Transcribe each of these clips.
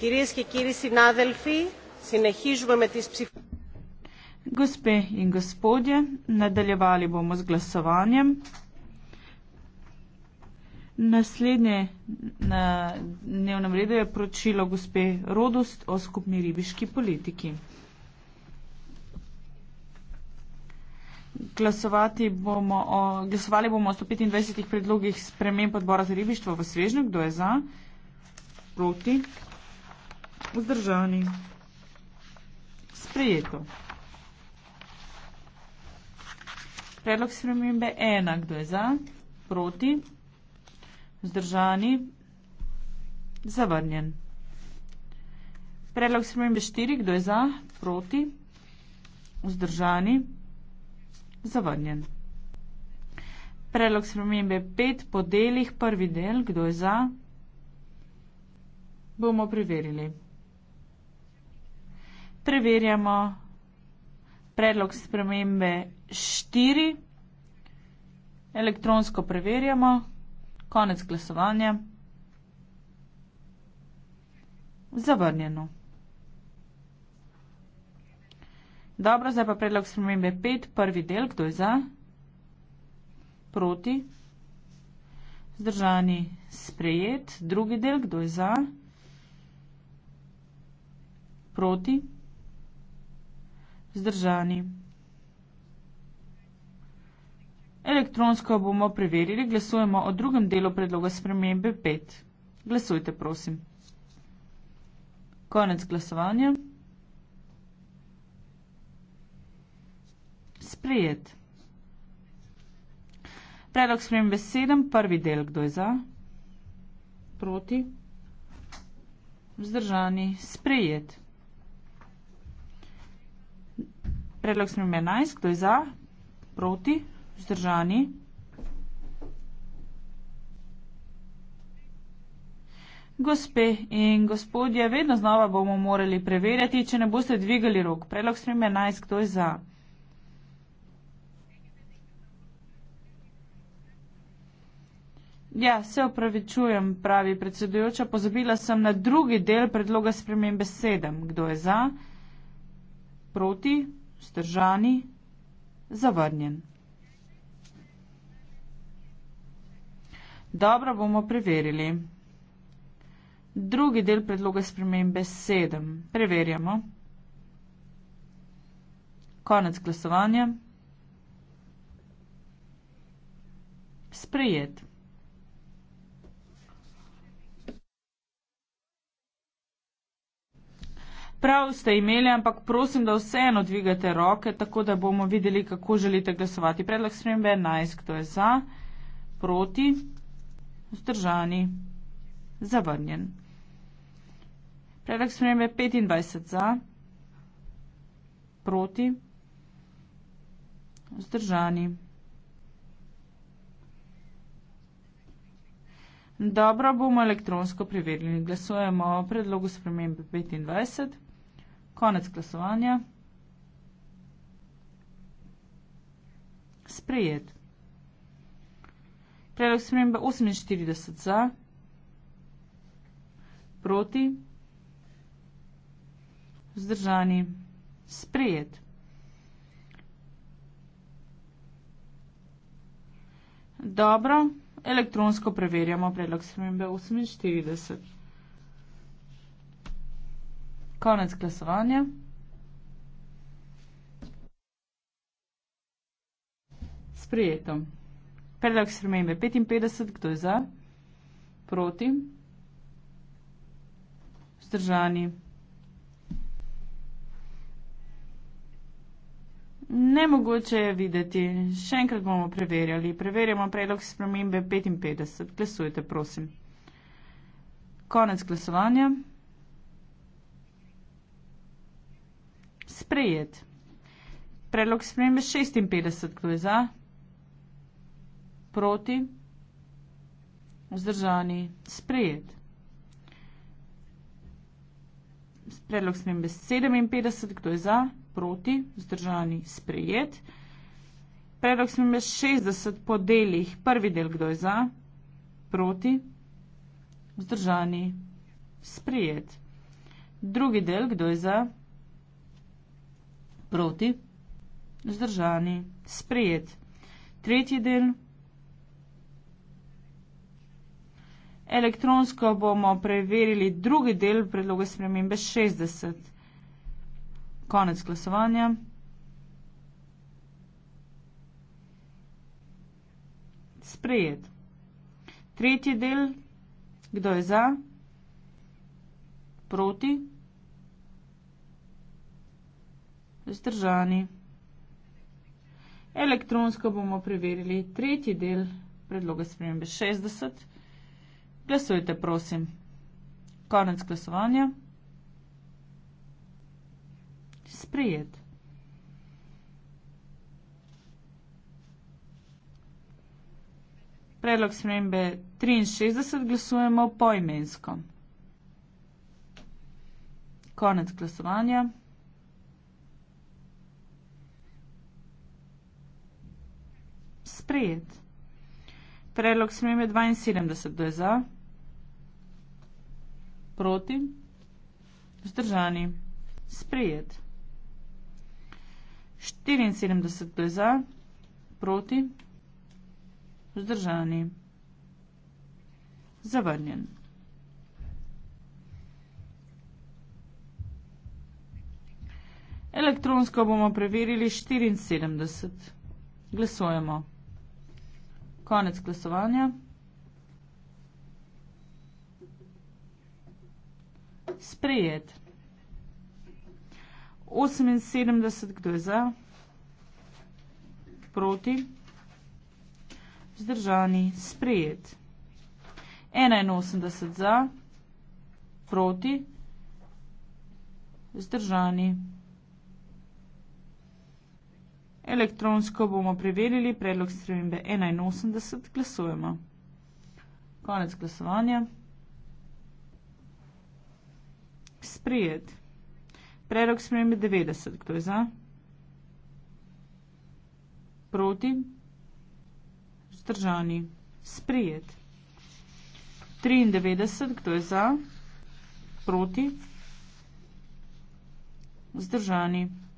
Κυρίες και κύριοι συνάδελφοι, συνεχίζουμε με τις ψηφοφορίες. Gospe in gospodje, nadaljevali bomo z glasovanjem. Naslednje na dnevnem redu je poročilo gospe Rodost o skupni ribiški politiki. Glasovati bomo o, glasovali bomo o 125 predlogih spremem podbora za ribištvo v Svežnju. Kdo je za? Proti? vzdržani. Sprejeto. Predlog spremembe ena. Kdo je za? Proti? Vzdržani? Zavrnjen. Predlog spremembe štiri. Kdo je za? Proti? Vzdržani? Zavrnjen. Predlog spremembe pet. Po delih prvi del. Kdo je za? Bomo preverili preverjamo predlog spremembe 4, elektronsko preverjamo, konec glasovanja, zavrnjeno. Dobro, zdaj pa predlog spremembe 5, prvi del, kdo je za, proti, zdržani, sprejet, drugi del, kdo je za, proti. Zdržani. Elektronsko bomo preverili. Glasujemo o drugem delu predloga spremembe 5. Glasujte, prosim. Konec glasovanja. Sprejet. Predlog spremembe 7. Prvi del. Kdo je za? Proti. Vzdržani. Sprejet. Predlog sprem 11, kdo je za? Proti? Vzdržani? Gospe in gospodje, vedno znova bomo morali preverjati, če ne boste dvigali rok. Predlog sprem 11, kdo je za? Ja, se opravičujem, pravi predsedujoča, pozabila sem na drugi del predloga spremembe 7. Kdo je za? Proti? Vzdržani. Zavrnjen. Dobro bomo preverili. Drugi del predloga spremembe 7. Preverjamo. Konec glasovanja. Sprejet. Prav ste imeli, ampak prosim, da vseeno dvigate roke, tako da bomo videli, kako želite glasovati. Predlog spremembe 11, kdo je za, proti, vzdržani, zavrnjen. Predlog spremembe 25 za, proti, vzdržani. Dobro, bomo elektronsko preverili. Glasujemo o predlogu spremembe 25. Konec glasovanja. Sprejet. Predlog spremembe 48 za, proti, vzdržani, sprejet. Dobro, elektronsko preverjamo predlog spremembe 48. Konec glasovanja. Sprijeto. Predlog spremembe 55, kdo je za? Proti? Zdržani? Nemogoče je videti. Še enkrat bomo preverjali. Preverjamo predlog spremembe 55. Glasujte, prosim. Konec glasovanja. sprejet. Predlog spremembe 56, kdo je za? Proti? Vzdržani? Sprejet. Predlog spremembe 57, kdo je za? Proti? Vzdržani? Sprejet. Predlog spremembe 60 po delih, prvi del, kdo je za? Proti? Vzdržani? Sprejet. Drugi del, kdo je za? Proti? Proti? Zdržani. Sprejet. Tretji del. Elektronsko bomo preverili drugi del predloga spremembe 60. Konec glasovanja. Sprejet. Tretji del. Kdo je za? Proti? Proti? vzdržani. Elektronsko bomo preverili tretji del predloga spremembe 60. Glasujte, prosim. Konec glasovanja. Sprejet. Predlog spremembe 63 glasujemo poimensko. Konec glasovanja. sprejet. Predlog smem je 72, kdo je za? Proti? Zdržani? Sprejet. 74, kdo je za? Proti? Zdržani? Zavrnjen. Elektronsko bomo preverili 74. Glasujemo konec glasovanja. Sprejet. 78, kdo je za? Proti? Zdržani. Sprejet. 81 za? Proti? Zdržani. Zdržani. Elektronsko bomo preverili predlog stremembe 81. Glasujemo. Konec glasovanja. Sprijet. Predlog spremembe 90. Kdo je za? Proti? Zdržani. Sprijet. 93. Kdo je za? Proti? Zdržani. Zdržani.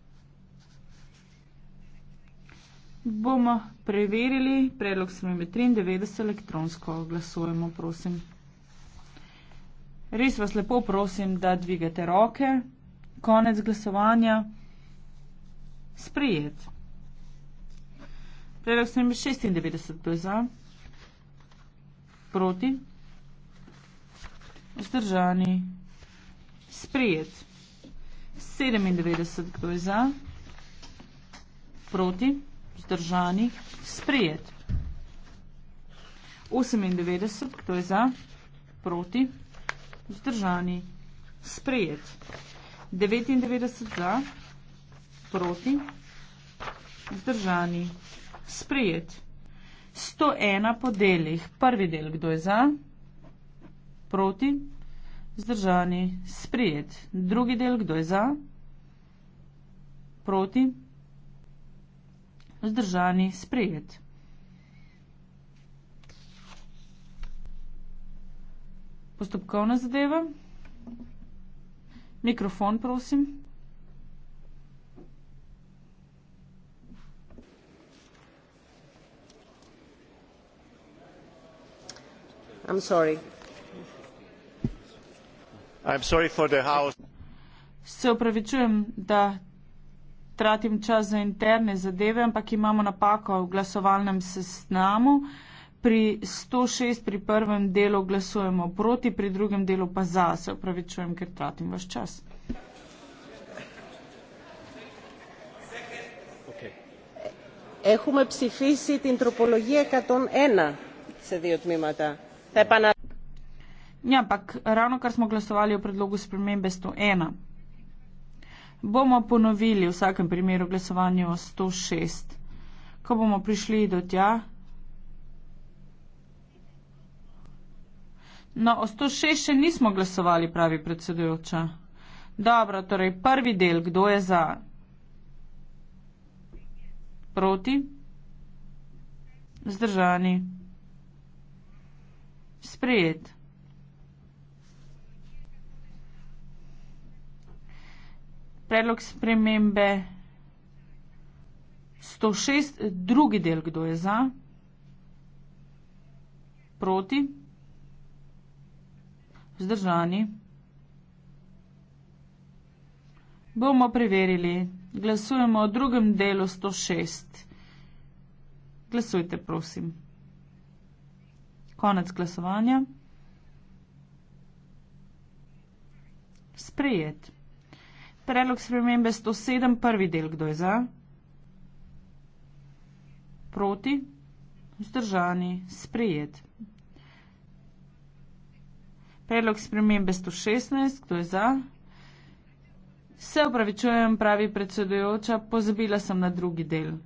Bomo preverili predlog spremembe 93 elektronsko. Glasujemo, prosim. Res vas lepo prosim, da dvigate roke. Konec glasovanja. Sprijet. Predlog spremembe 96 bil za. Proti. Vzdržani. Sprijet. 97 bil za. Proti vzdržanih, sprejet. 98, kdo je za, proti, vzdržani, sprejet. 99 za, proti, vzdržani, sprejet. 101 po delih, prvi del, kdo je za, proti, vzdržani, sprejet. Drugi del, kdo je za, proti, vzdržani, sprejet vzdržani, sprejet. Postopkovna zadeva. Mikrofon, prosim. I'm sorry. I'm sorry for the house. Se opravičujem, da tratim čas za interne zadeve, ampak imamo napako v glasovalnem seznamu. Pri 106 pri prvem delu glasujemo proti, pri drugem delu pa za. Se upravičujem, ker tratim vaš čas. Ehume psifisit antropologije katon ena se di odmimata. Ja, ampak ravno kar smo glasovali o predlogu spremembe 101 bomo ponovili v vsakem primeru glasovanje o 106. Ko bomo prišli do tja. No, o 106 še nismo glasovali, pravi predsedujoča. Dobro, torej prvi del, kdo je za? Proti? Zdržani? Sprijet? predlog spremembe 106, drugi del, kdo je za, proti, vzdržani. Bomo preverili. Glasujemo o drugem delu 106. Glasujte, prosim. Konec glasovanja. Sprejet predlog spremembe 107, prvi del, kdo je za? Proti? Zdržani? Sprijet. Predlog spremembe 116, kdo je za? Se upravičujem, pravi predsedujoča, pozabila sem na drugi del.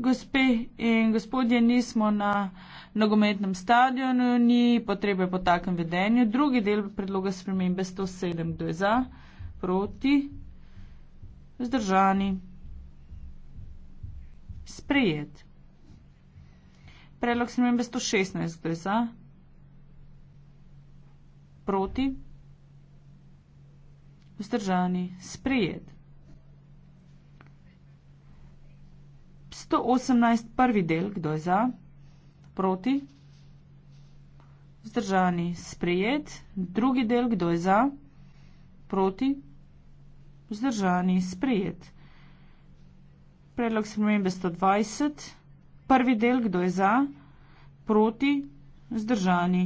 Gospe in gospodje, nismo na nogometnem stadionu ni potrebe po takem vedenju. Drugi del predloga spremembe 107, kdo je za, proti, vzdržani, sprejet. Predlog spremembe 116, kdo je za, proti, vzdržani, sprejet. 118, prvi del, kdo je za proti? Vzdržani, sprejet. Drugi del, kdo je za? Proti? Vzdržani, sprejet. Predlog spremembe 120. Prvi del, kdo je za? Proti? Vzdržani,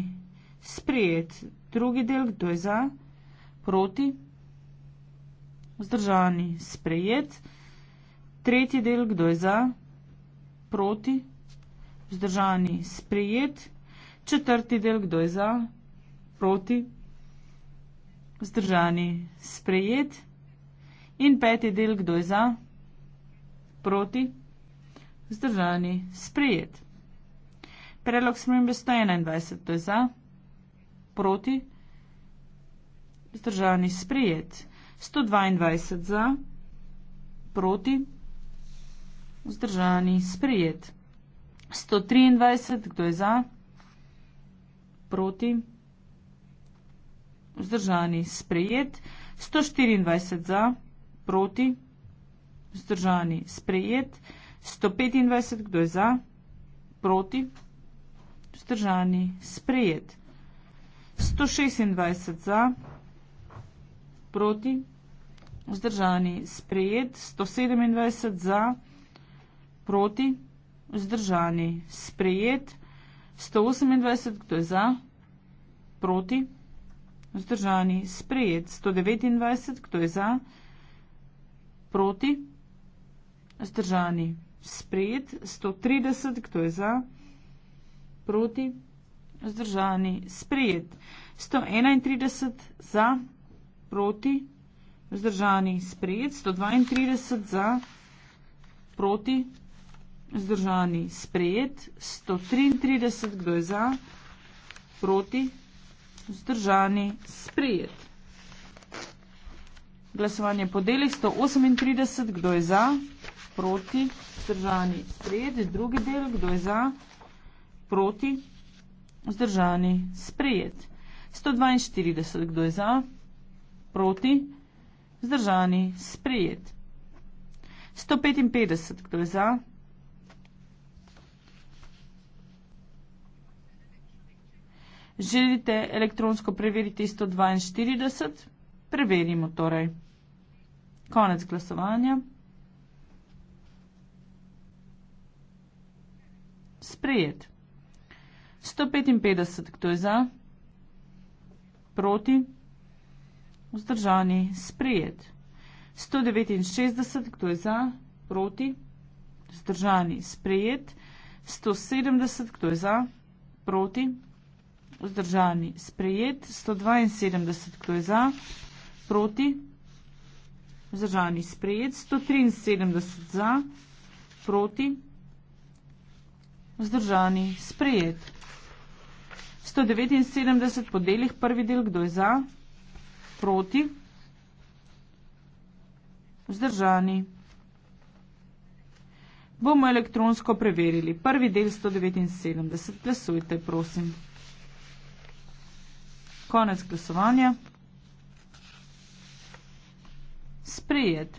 sprejet. Drugi del, kdo je za? Proti? Vzdržani, sprejet. Tretji del, kdo je za? Proti? Vzdržani, sprejet vzdržani, sprejet. Četrti del, kdo je za, proti, vzdržani, sprejet. In peti del, kdo je za, proti, vzdržani, sprejet. Predlog smembe 121, kdo je za, proti, vzdržani, sprejet. 122 za, proti, vzdržani, sprejet. 123, kdo je za? Proti? Vzdržani sprejet. 124 za, proti? Vzdržani sprejet. 125, kdo je za? Proti? Vzdržani sprejet. 126 za, proti? Vzdržani sprejet. 127 za, proti? Vzdržani sprejet vzdržani. Sprejet 128, kdo je za? Proti? Vzdržani. Sprejet 129, kdo je za? Proti? Vzdržani. Sprejet 130, kdo je za? Proti? Vzdržani. Sprejet 131 za? Proti? Vzdržani. Sprejet 132 za? Proti? Vzdržani vzdržani, sprejet, 133, kdo je za, proti, vzdržani, sprejet. Glasovanje po delih, 138, kdo je za, proti, vzdržani, sprejet, drugi del, kdo je za, proti, vzdržani, sprejet. 142, kdo je za, proti, vzdržani, sprejet. 155, kdo je za, proti, vzdržani, sprejet. Želite elektronsko preveriti 142? Preverimo torej. Konec glasovanja. Sprejet. 155, kdo je za? Proti? Vzdržani. Sprejet. 169, kdo je za? Proti? Vzdržani. Sprejet. 170, kdo je za? Proti? vzdržani. Sprejet 172, kdo je za, proti, vzdržani. Sprejet 173 za, proti, vzdržani. Sprejet 179 po delih, prvi del, kdo je za, proti, vzdržani. Bomo elektronsko preverili. Prvi del 179. Glasujte, prosim. Konec glasovanja. Sprejet.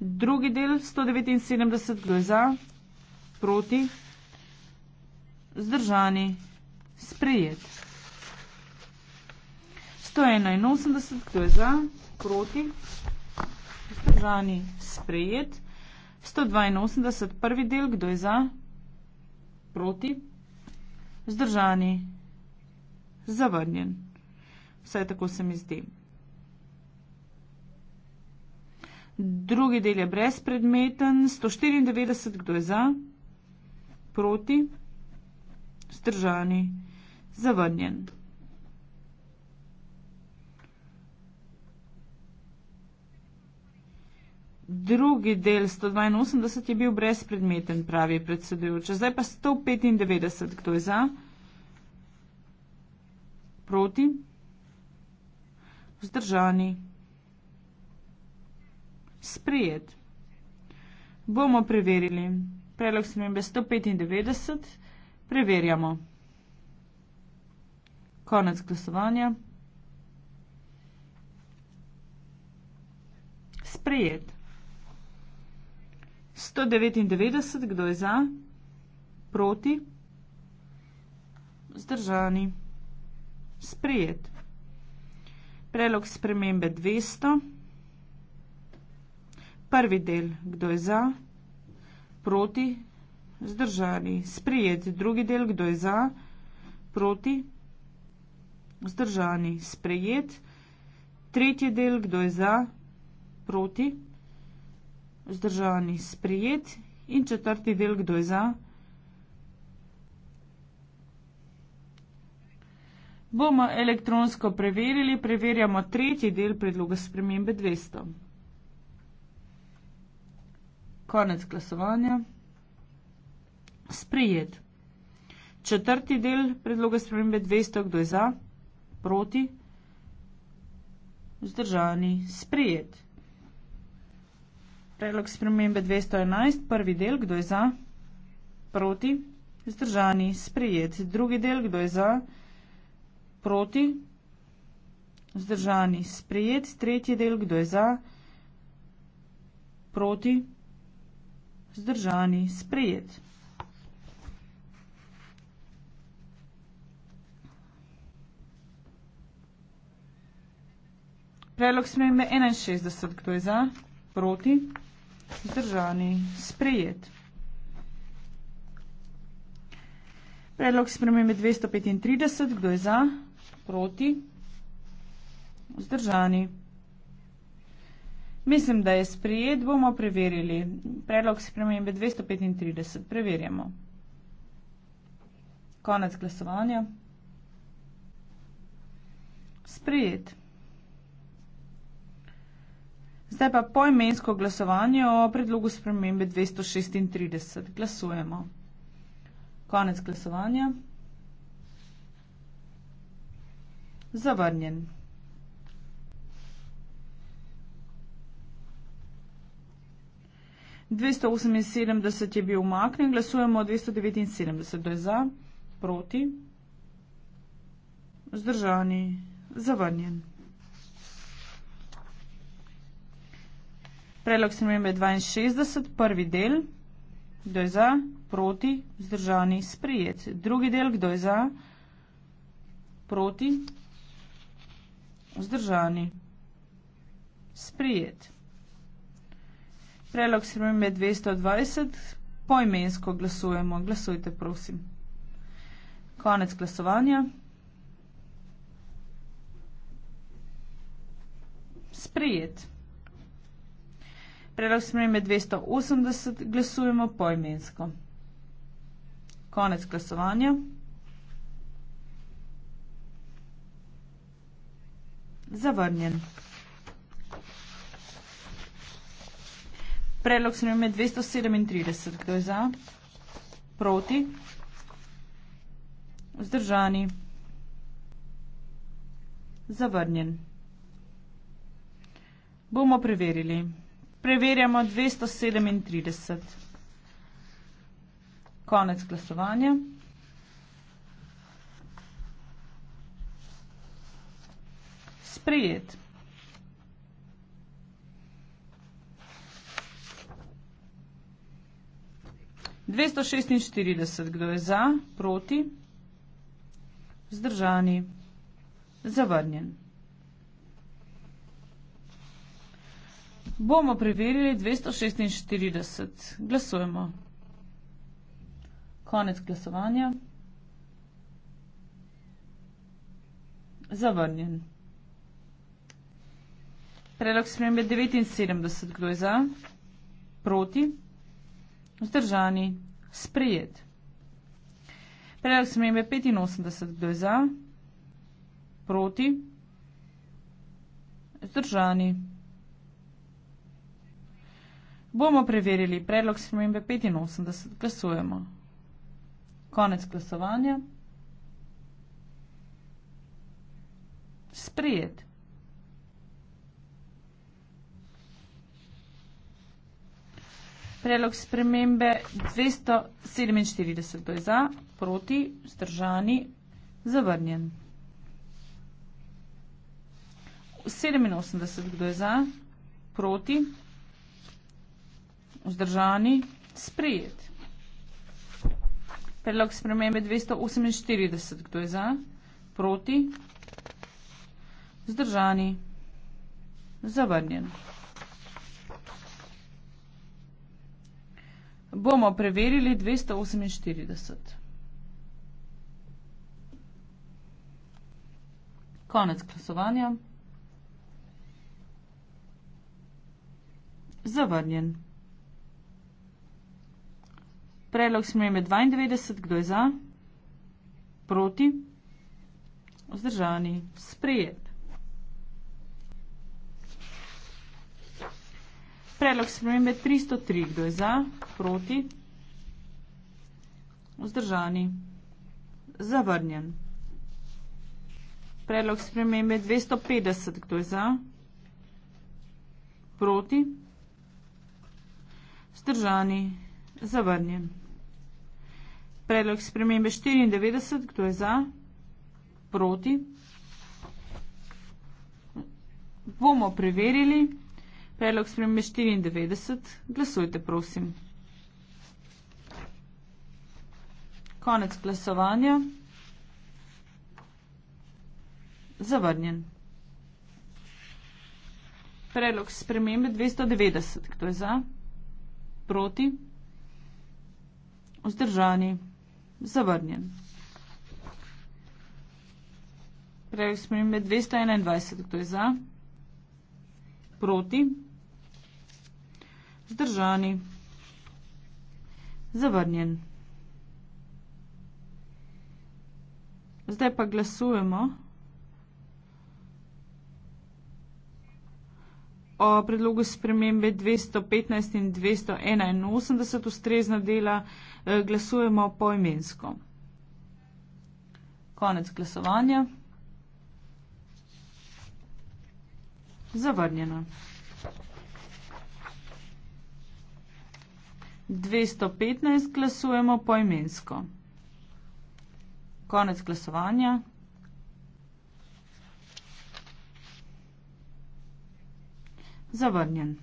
Drugi del 179 kdo je za, proti, zdržani, sprejet. 181 kdo je za, proti, zdržani, sprejet. 182 prvi del kdo je za, proti, zdržani, sprejet zavrnjen. Vse tako se mi zdi. Drugi del je brezpredmeten. 194, kdo je za, proti, zdržani, zavrnjen. Drugi del 182 je bil brezpredmeten, pravi predsedujoča. Zdaj pa 195, kdo je za proti, vzdržani, sprijet. Bomo preverili. Predlog sem imel 195, preverjamo. Konec glasovanja. Sprejet. 199, kdo je za? Proti? Zdržani sprejet. Prelog spremembe 200. Prvi del, kdo je za, proti, zdržani. Sprejet. Drugi del, kdo je za, proti, zdržani. Sprejet. Tretji del, kdo je za, proti, zdržani. Sprejet. In četrti del, kdo je za, proti. bomo elektronsko preverili, preverjamo tretji del predloga spremembe 200. Konec glasovanja. Sprijet. Četrti del predloga spremembe 200, kdo je za? Proti? Zdržani. Sprijet. Predlog spremembe 211, prvi del, kdo je za? Proti? Zdržani. Sprijet. Drugi del, kdo je za? Proti? proti, vzdržani, sprejet, tretji del, kdo je za, proti, vzdržani, sprejet. Predlog smembe 61, kdo je za, proti, vzdržani, sprejet. Predlog spremembe 235, kdo je za, proti, vzdržani. Mislim, da je sprejet, bomo preverili. Predlog spremembe 235, preverjamo. Konec glasovanja. Sprejet. Zdaj pa poimensko glasovanje o predlogu spremembe 236. Glasujemo. Konec glasovanja. zavrnjen. Dvesto oseminsedemdeset je bil umaknjen, glasujemo dvesto devetinsedemdeset, kdo je za, proti, vzdržani, zavrnjen. Predlog spremembe dvainšestdeset, prvi del, kdo je za, proti, vzdržani, sprejet. Drugi del, kdo je za, proti, vzdržani. Vzdržani. Sprijet. Prelog srbim je 220. Poimensko glasujemo. Glasujte, prosim. Konec glasovanja. Sprijet. Prelog srbim je 280. Glasujemo poimensko. Konec glasovanja. Konec glasovanja. zavrnjen. Predlog se ne ime 237. Kdo je za? Proti? Vzdržani? Zavrnjen. Bomo preverili. Preverjamo 237. Konec glasovanja. sprejet. Dvesto šestinštirideset, kdo je za, proti, zdržani, zavrnjen. Bomo preverili dvesto šestinštirideset. Glasujemo. Konec glasovanja. Zavrnjen. Predlog spremembe 79, kdo je za? Proti? Vzdržani? Sprejet. Predlog spremembe 85, kdo je za? Proti? Vzdržani? Bomo preverili predlog spremembe 85, glasujemo. Konec glasovanja. Sprejet. Predlog spremembe 247 je za, proti, zdržani, zavrnjen. 87 kdo je za, proti, vzdržani, sprejet. Predlog spremembe 248 kdo je za, proti, vzdržani, zavrnjen. bomo preverili 248. Konec glasovanja. Zavrnjen. Predlog smrme 92. Kdo je za? Proti? Vzdržani. Sprejet. Predlog spremembe 303. Kdo je za? Proti? Vzdržani? Zavrnjen. Predlog spremembe 250. Kdo je za? Proti? Vzdržani? Zavrnjen. Predlog spremembe 94. Kdo je za? Proti? Bomo preverili. Proti? Predlog spremembe 94. Glasujte, prosim. Konec glasovanja. Zavrnjen. Predlog spremembe 290. Kdo je za? Proti? Vzdržani? Zavrnjen. Predlog spremembe 221. Kdo je za? Proti? Zdržani. Zavrnjen. Zdaj pa glasujemo o predlogu spremembe 215 in 281 ustrezna dela. Eh, glasujemo poimensko. Konec glasovanja. Zavrnjeno. 215 glasujemo poimensko. Konec glasovanja. Zavrnjen.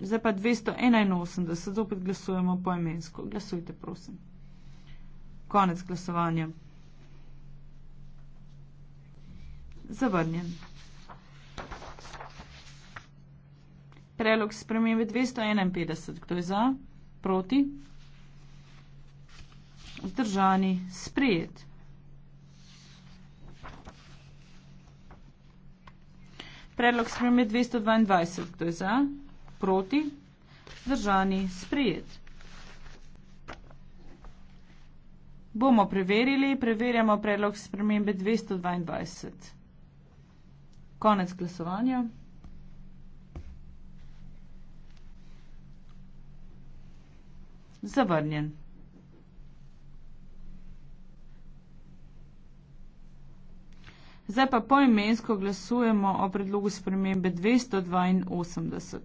Zdaj pa 281, zopet glasujemo poimensko. Glasujte, prosim. Konec glasovanja. Zavrnjen. Predlog spremembe 251. Kdo je za? Proti? Zdržani? Sprijet. Predlog spremembe 222. Kdo je za? Proti? Zdržani? Sprijet. Bomo preverili. Preverjamo predlog spremembe 222. Konec glasovanja. Zavrnjen. Zdaj pa poimensko glasujemo o predlogu spremembe 282.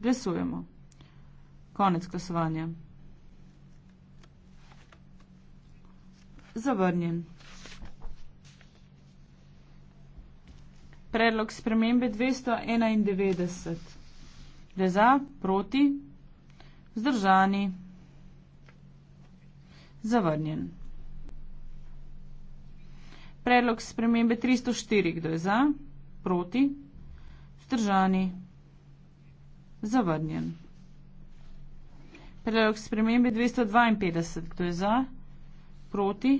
Glasujemo. Konec glasovanja. Zavrnjen. Predlog spremembe 291. Gre za, proti, vzdržani. Zavrnjen. Predlog spremembe 304. Kdo je za? Proti? Vzdržani? Zavrnjen. Predlog spremembe 252. Kdo je za? Proti?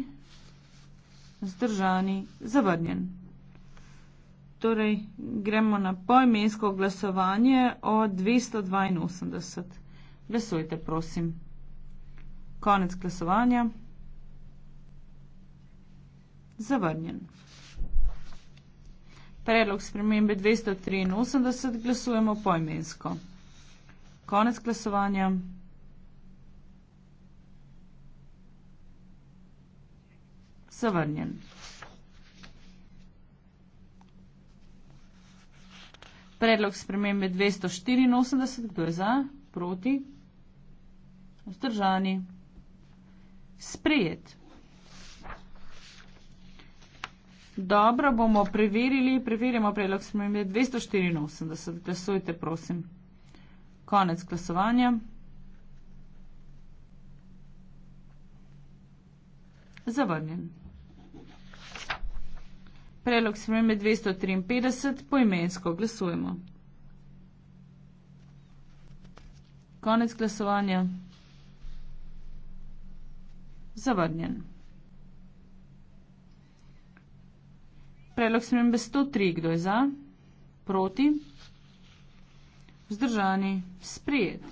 Vzdržani? Zavrnjen. Torej, gremo na pojmensko glasovanje o 282. Glasujte, prosim. Konec glasovanja. Zavrnjen. Predlog spremembe 283 glasujemo poimensko. Konec glasovanja. Zavrnjen. Predlog spremembe 284. Kdo je za? Proti? Vzdržani sprejet. Dobro, bomo preverili, preverimo predlog spremembe 284, glasujte prosim. Konec glasovanja. Zavrnjen. Predlog spremembe 253, poimensko glasujemo. Konec glasovanja zavrnjen. Predlog smembe 103, kdo je za, proti, vzdržani, sprijet.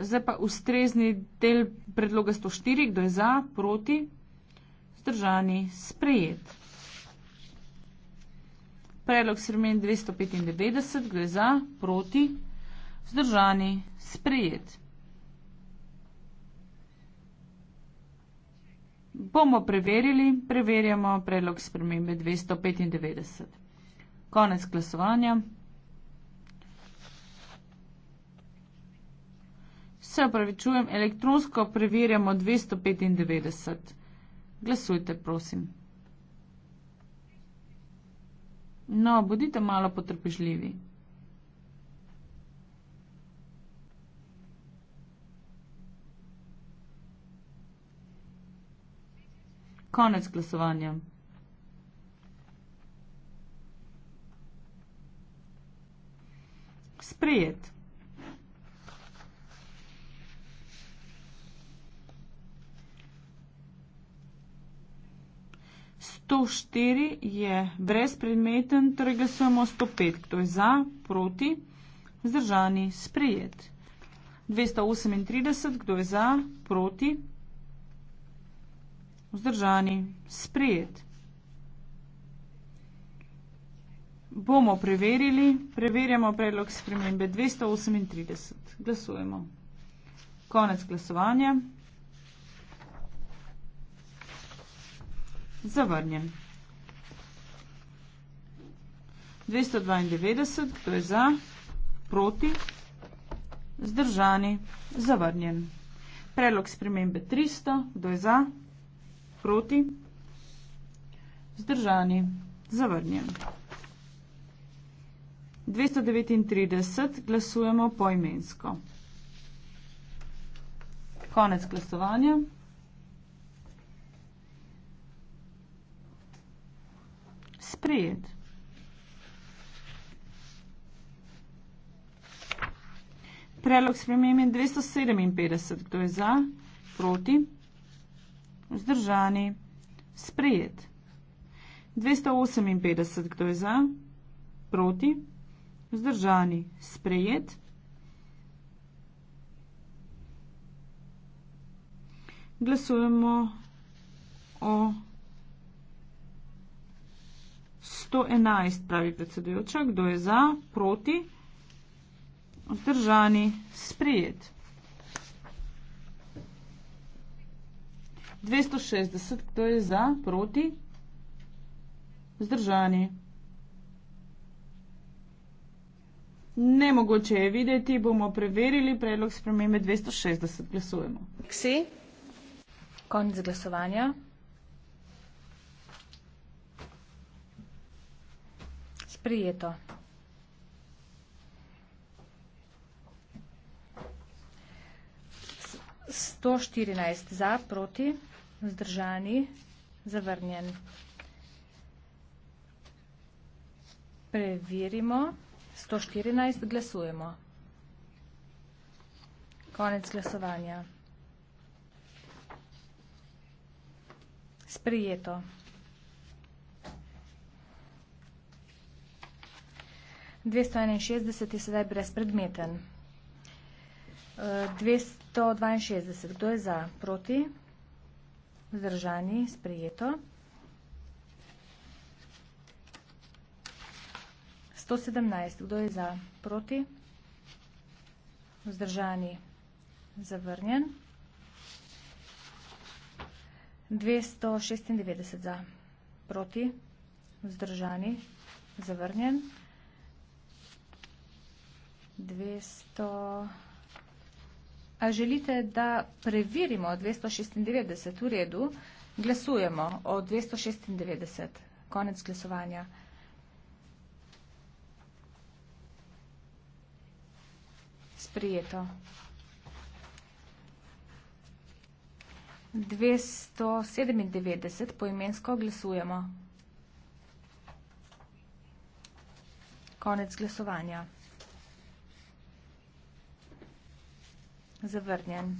Zdaj pa ustrezni del predloga 104, kdo je za, proti, vzdržani, sprijet. Predlog smembe 295, kdo je za, proti, vzdržani, sprijet vzdržani, sprejet. Bomo preverili, preverjamo predlog spremembe 295. Konec glasovanja. Se opravičujem, elektronsko preverjamo 295. Glasujte, prosim. No, bodite malo potrpežljivi. konec glasovanja. Sprejet. To štiri je brezpredmeten, torej ga samo 105, kdo je za, proti, zdržani, sprejet. 238, kdo je za, proti, vzdržani, sprejet. Bomo preverili, preverjamo predlog spremembe 238. Glasujemo. Konec glasovanja. Zavrnjen. 292, kdo je za, proti, zdržani, zavrnjen. Predlog spremembe 300, kdo je za, proti, zdržani, zavrnjen. 239 glasujemo poimensko. Konec glasovanja. Sprejet. Prelog s premijem 257. Kdo je za? Proti? Vzdržani. Sprejet. 258. Kdo je za? Proti. Vzdržani. Sprejet. 258. Glasujemo o 111, pravi predsedujoča. Kdo je za? Proti. Vzdržani. Sprejet. 259. 260, kdo je za, proti, zdržani. Nemogoče je videti, bomo preverili predlog spremembe 260. Glasujemo. Ksi. Konec glasovanja. Sprijeto. S 114 za, proti vzdržani, zavrnjen. Preverimo. 114 glasujemo. Konec glasovanja. Sprijeto. Dvesto enainšestdeset je sedaj brezpredmeten. Dvesto dvainšestdeset. Kdo je za? Proti? Proti? Vzdržani, sprejeto. 117. Kdo je za? Proti? Vzdržani, zavrnjen. 296 za. Proti? Vzdržani, zavrnjen. 200... A želite, da preverimo 296 v redu? Glasujemo o 296. Konec glasovanja. Sprijeto. 297 poimensko glasujemo. Konec glasovanja. zavrnjen.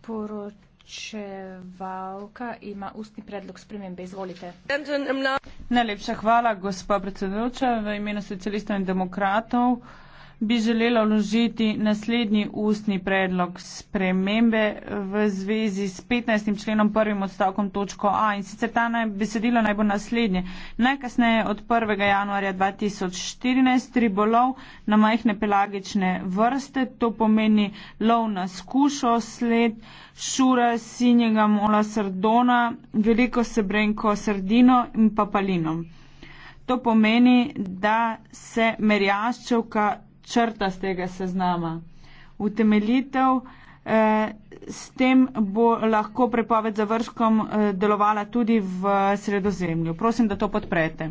Poročevalka ima ustni predlog spremembe. Izvolite. Najlepša hvala, gospa predsedujoča. V imenu socialistov in demokratov uh, bi želela vložiti naslednji ustni predlog spremembe v zvezi s 15. členom prvim odstavkom točko A in sicer ta naj, besedilo naj bo naslednje. Najkasneje od 1. januarja 2014 ribolov na majhne pelagične vrste, to pomeni lov na skušo, sled, šura, sinjega mola sardona, veliko sebrenko sardino in papalino. To pomeni, da se merjaščevka črta z tega seznama. Utemeljitev eh, s tem bo lahko prepoved za vrškom eh, delovala tudi v sredozemlju. Prosim, da to podprete.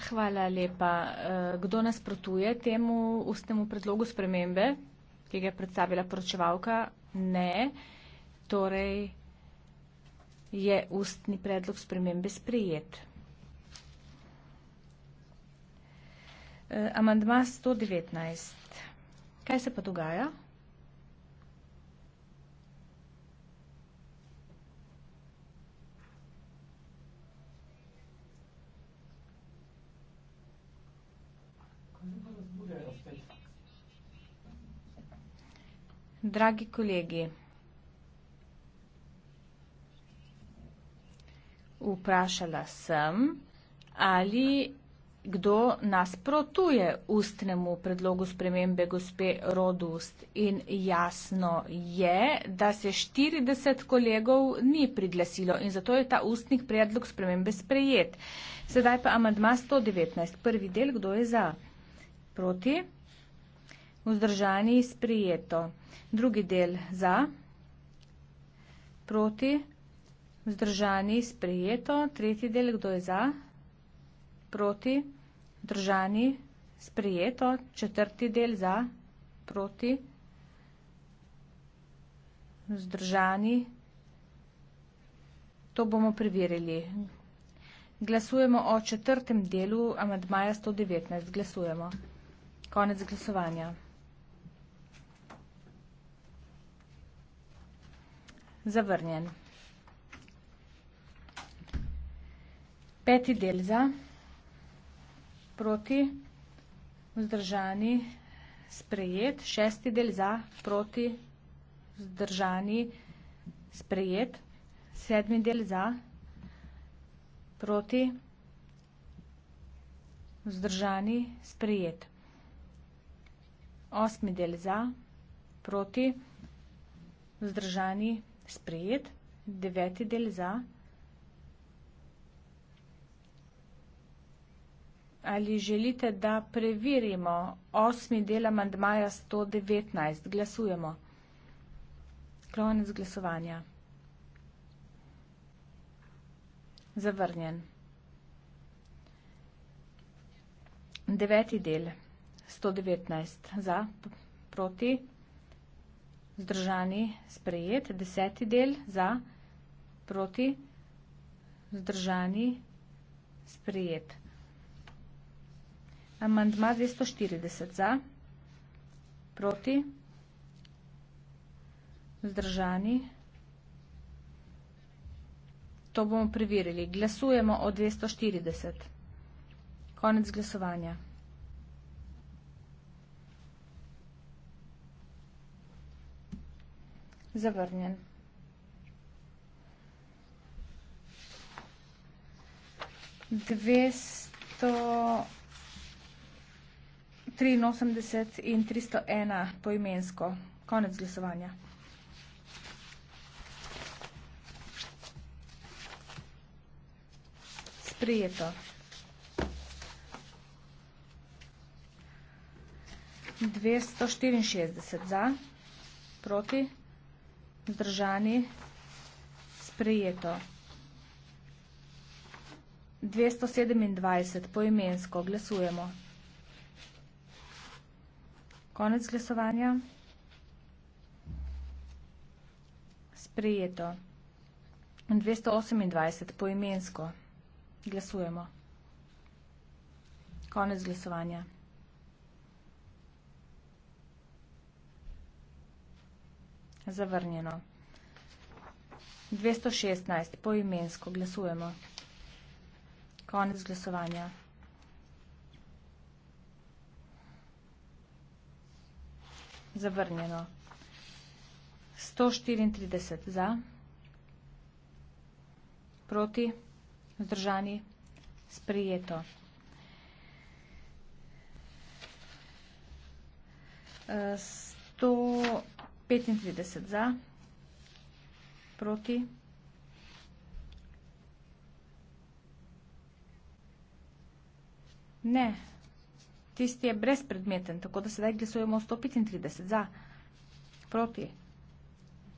Hvala lepa. Eh, kdo nasprotuje temu ustnemu predlogu spremembe, ki ga je predstavila poročevalka? Ne. Torej je ustni predlog spremembe sprejet. Eh, amandma 119. Kaj se pa dogaja? Dragi kolegi, vprašala sem, ali kdo nasprotuje ustnemu predlogu spremembe gospe Rodust. In jasno je, da se 40 kolegov ni priglasilo in zato je ta ustni predlog spremembe sprejet. Sedaj pa amadma 119. Prvi del, kdo je za? Proti? Vzdržani sprijeto. Drugi del za? Proti? Vzdržani sprijeto. Tretji del, kdo je za? Proti? proti, držani, sprijeto, četrti del za, proti, zdržani. To bomo preverili. Glasujemo o četrtem delu amadmaja 119. Glasujemo. Konec glasovanja. Zavrnjen. Peti del za proti, vzdržani, sprejet. Šesti del za, proti, vzdržani, sprejet. Sedmi del za, proti, vzdržani, sprejet. Osmi del za, proti, vzdržani, sprejet. Deveti del za, proti, vzdržani, sprejet. ali želite, da preverimo osmi del amandmaja 119. Glasujemo. Klonec glasovanja. Zavrnjen. Deveti del 119. Za, proti, zdržani, sprejet. Deseti del za, proti, zdržani, sprejet. Amandma 240 za, proti, vzdržani. To bomo preverili. Glasujemo o 240. Konec glasovanja. Zavrnjen. Dvesto... 83 in 301 poimensko. Konec glasovanja. Sprijeto. Dvesto štirinšestdeset za, proti, zdržani, sprejeto. Dvesto sedemindvajset, poimensko, glasujemo. Dvesto sedemindvajset. Konec glasovanja. Sprejeto. 228 poimensko. Glasujemo. Konec glasovanja. Zavrnjeno. 216 poimensko. Glasujemo. Konec glasovanja. Zavrnjeno. 134 za. Proti. Zdržani. Sprijeto. Uh, e, 135 za. Proti. Ne, Tisti je brezpredmeten, tako da sedaj glasujemo 135 za, proti,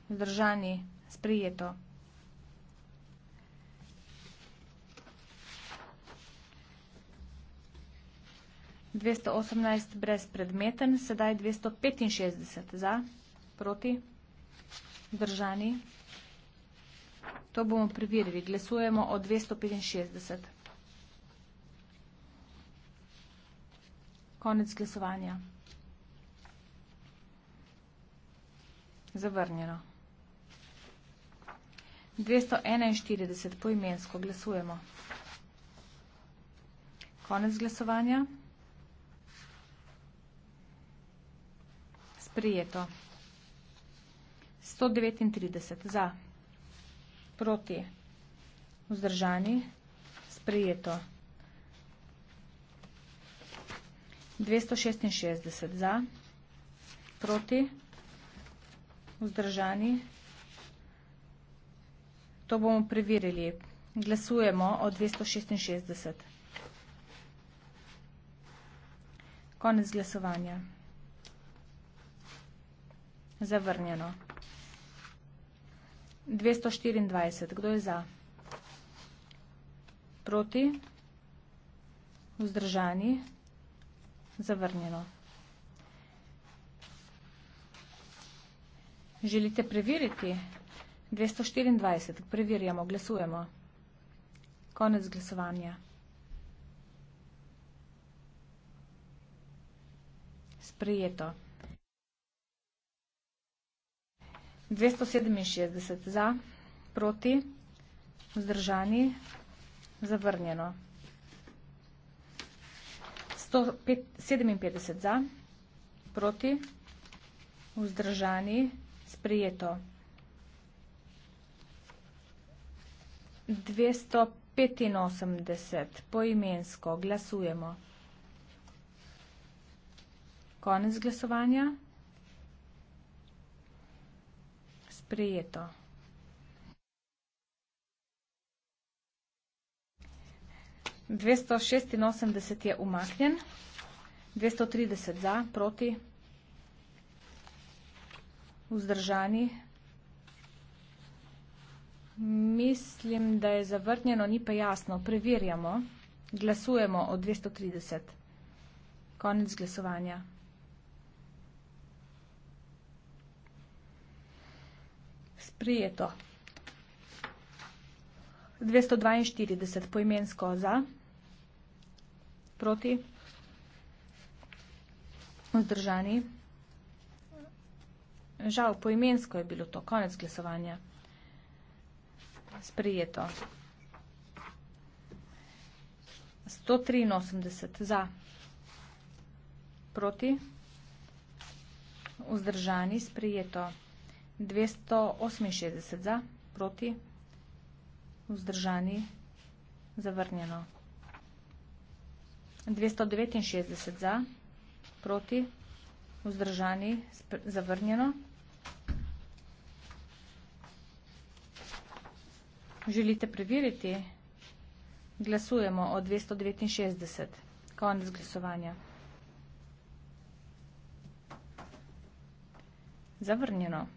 vzdržani, sprijeto. Dvesto osemnaest brezpredmeten, sedaj dvesto petinšestdeset za, proti, držani. To bomo preverili. Glesujemo o dvesto petinšestdeset. Konec glasovanja. Zavrnjeno. 241 poimensko glasujemo. Konec glasovanja. Sprijeto. 139 za. Proti. Vzdržani. Sprijeto. 266 za, proti, vzdržani. To bomo preverili. Glasujemo o 266. Konec glasovanja. Zavrnjeno. 224. Kdo je za? Proti? Vzdržani? zavrnjeno. Želite preveriti? 224. Preverjamo, glasujemo. Konec glasovanja. Sprejeto. 267 za, proti, vzdržani, zavrnjeno. 157 za, proti, vzdržani, sprejeto. 285 poimensko, glasujemo. Konec glasovanja. Sprejeto. 286 je umaknjen, 230 za, proti, vzdržani. Mislim, da je zavrnjeno, ni pa jasno. Preverjamo. Glasujemo o 230. Konec glasovanja. Sprijeto. 242 poimensko za proti, vzdržani. Žal, poimensko je bilo to, konec glasovanja, sprijeto. 183 za, proti, vzdržani, sprijeto. 268 za, proti, vzdržani, zavrnjeno. 269 za, proti, vzdržani, zavrnjeno. Želite preveriti? Glasujemo o 269. Konec glasovanja. Zavrnjeno.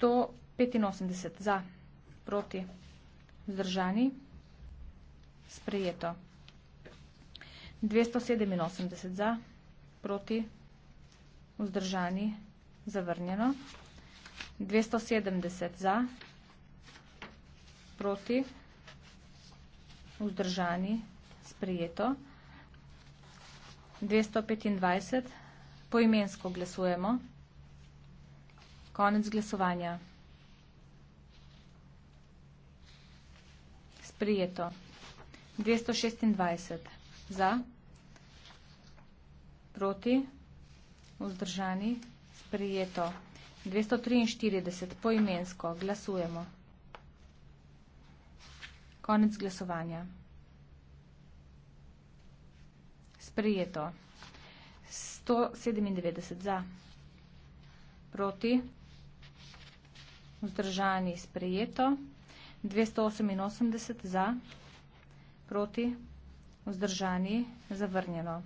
185 za, proti, vzdržani, zavrnjeno sprejeto. 287 za, proti, vzdržani, zavrnjeno. 270 za, proti, vzdržani, sprejeto. 225, poimensko glasujemo. Konec glasovanja. Sprijeto dvestošestindvajset za proti vzdržani sprejeto dvestotriinštirideset poimensko glasujemo konec glasovanja sprejeto stosedemindevetdeset za proti vzdržani sprejeto dvestooseminosemdeset za Proti? Vzdržani? Zavrnjeno.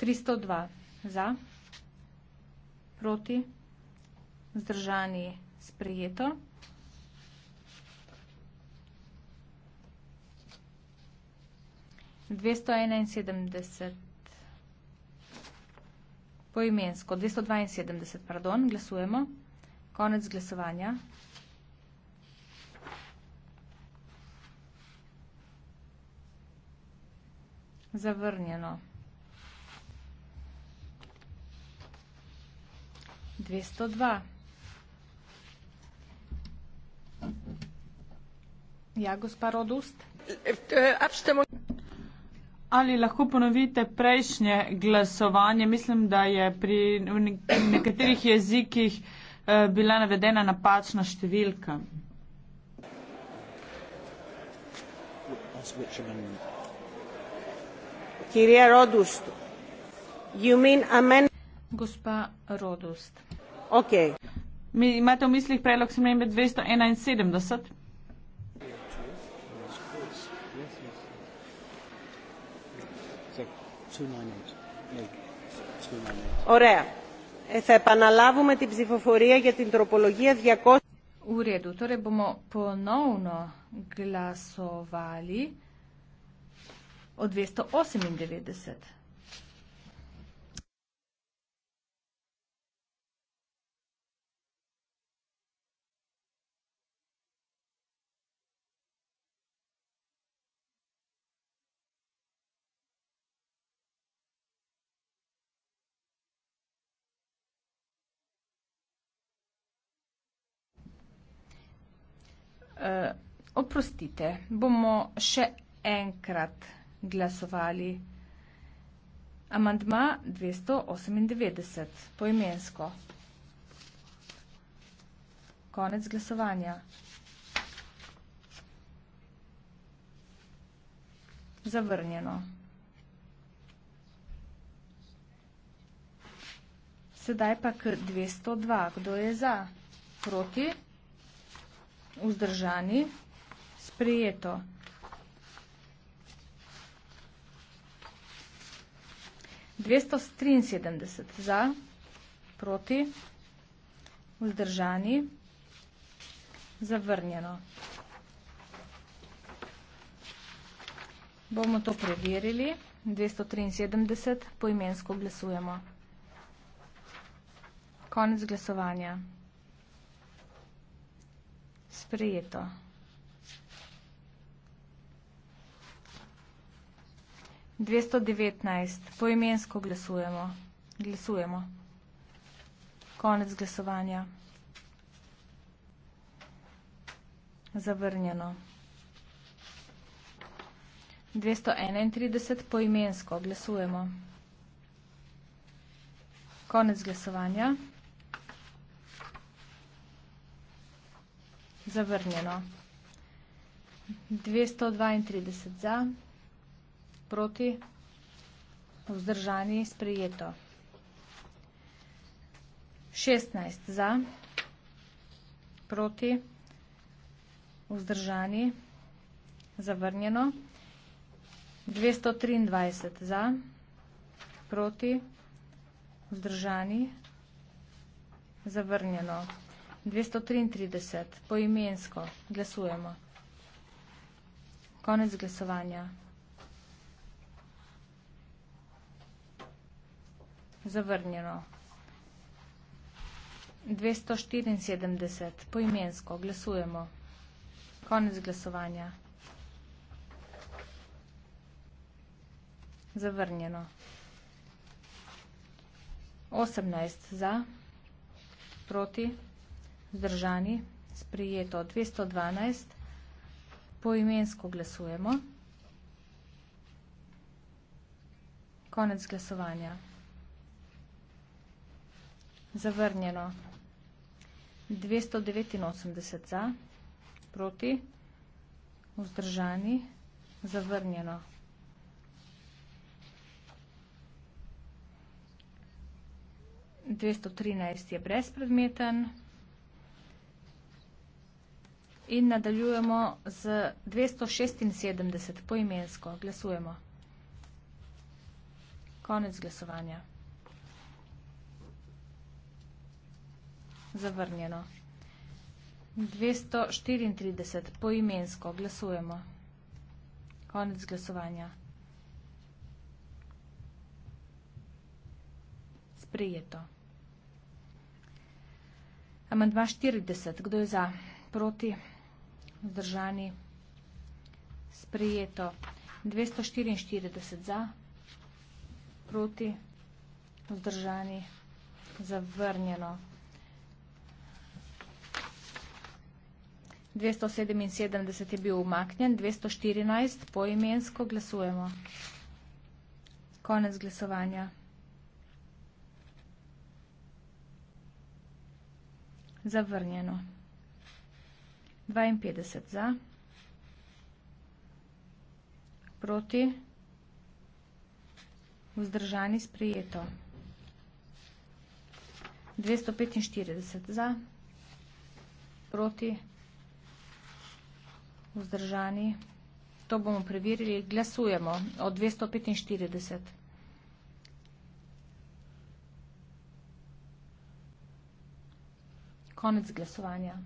302 za, proti, vzdržani sprejeto. Dvesto enainsedemdeset, poimensko, dvesto dvainsedemdeset, pardon, glasujemo. Konec glasovanja. Zavrnjeno. Dvesto dva. Ja, gospod Rodust? Ali lahko ponovite prejšnje glasovanje? Mislim, da je pri nekaterih jezikih eh, bila navedena napačna številka. Which amendment? Kyrie Rodust. You mean amend... Gospa Rodust. Ok. Mi imate v mislih predlog smembe 271? Ωραία. Ε, θα επαναλάβουμε την ψηφοφορία για την τροπολογία 200. Ουρέντου, τώρα μπορούμε πονόουνο γλασοβάλι od 298. Uh, eh, oprostite, bomo še enkrat glasovali. Amandma 298, poimensko. Konec glasovanja. Zavrnjeno. Sedaj pa k 202. Kdo je za? Proti? Vzdržani? Sprejeto. 273 za, proti, vzdržani, zavrnjeno. Bomo to preverili. 273 poimensko glasujemo. Konec glasovanja. Sprejeto. 219. Poimensko glasujemo. Glasujemo. Konec glasovanja. Zavrnjeno. 231. Poimensko glasujemo. Konec glasovanja. Zavrnjeno. 232 za proti vzdržani sprejeto. 16 za, proti vzdržani zavrnjeno. 223 za, proti vzdržani zavrnjeno. 233 poimensko glasujemo. Konec glasovanja. Zavrnjeno. 274. Poimensko. Glasujemo. Konec glasovanja. Zavrnjeno. 18 za, proti, zdržani, sprijeto 212, poimensko glasujemo. Konec glasovanja. Zavrnjeno. 289 za, proti, vzdržani, zavrnjeno. Dvesto trinajst je brezpredmeten in nadaljujemo z dvesto šestinsedemdeset poimensko. Glasujemo. Konec glasovanja. Zavrnjeno. 234 poimensko. Glasujemo. Konec glasovanja. Sprejeto. Amandma 40. Kdo je za? Proti? Zdržani? Sprejeto. 244 za? Proti? Zdržani? Zavrnjeno. Zavrnjeno. 277 je bil umaknjen, 214 poimensko glasujemo. Konec glasovanja. Zavrnjeno. 52 za. Proti. Vzdržani sprijeto. 245 za. Proti. Vzdržani. To bomo preverili. Glasujemo o 245. Konec glasovanja.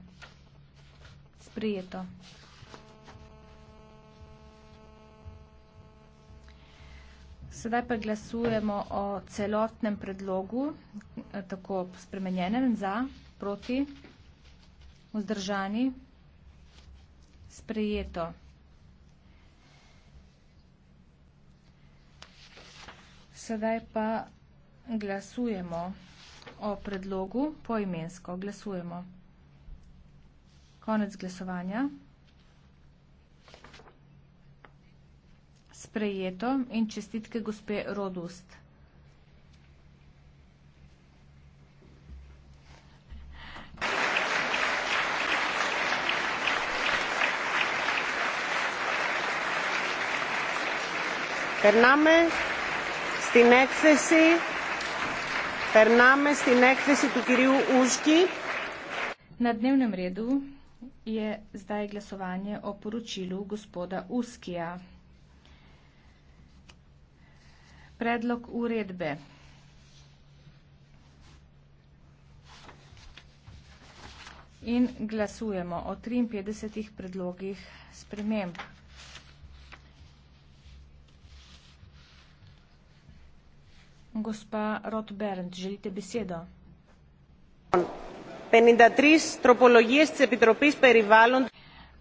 Sprijeto. Sedaj pa glasujemo o celotnem predlogu, eh, tako spremenjenem za, proti, vzdržani. Vzdržani sprejeto. Sedaj pa glasujemo o predlogu poimensko. Glasujemo. Konec glasovanja. Sprejeto in čestitke gospe Rodust. Περνάμε στην έκθεση. Περνάμε στην έκθεση του κυρίου Ούσκη. Να δνεύνεμ ρίδου je zdaj glasovanje o poročilu gospoda Uskija. Predlog uredbe. In glasujemo o 53 predlogih sprememb. Gospa Rot Berend, želite besedo?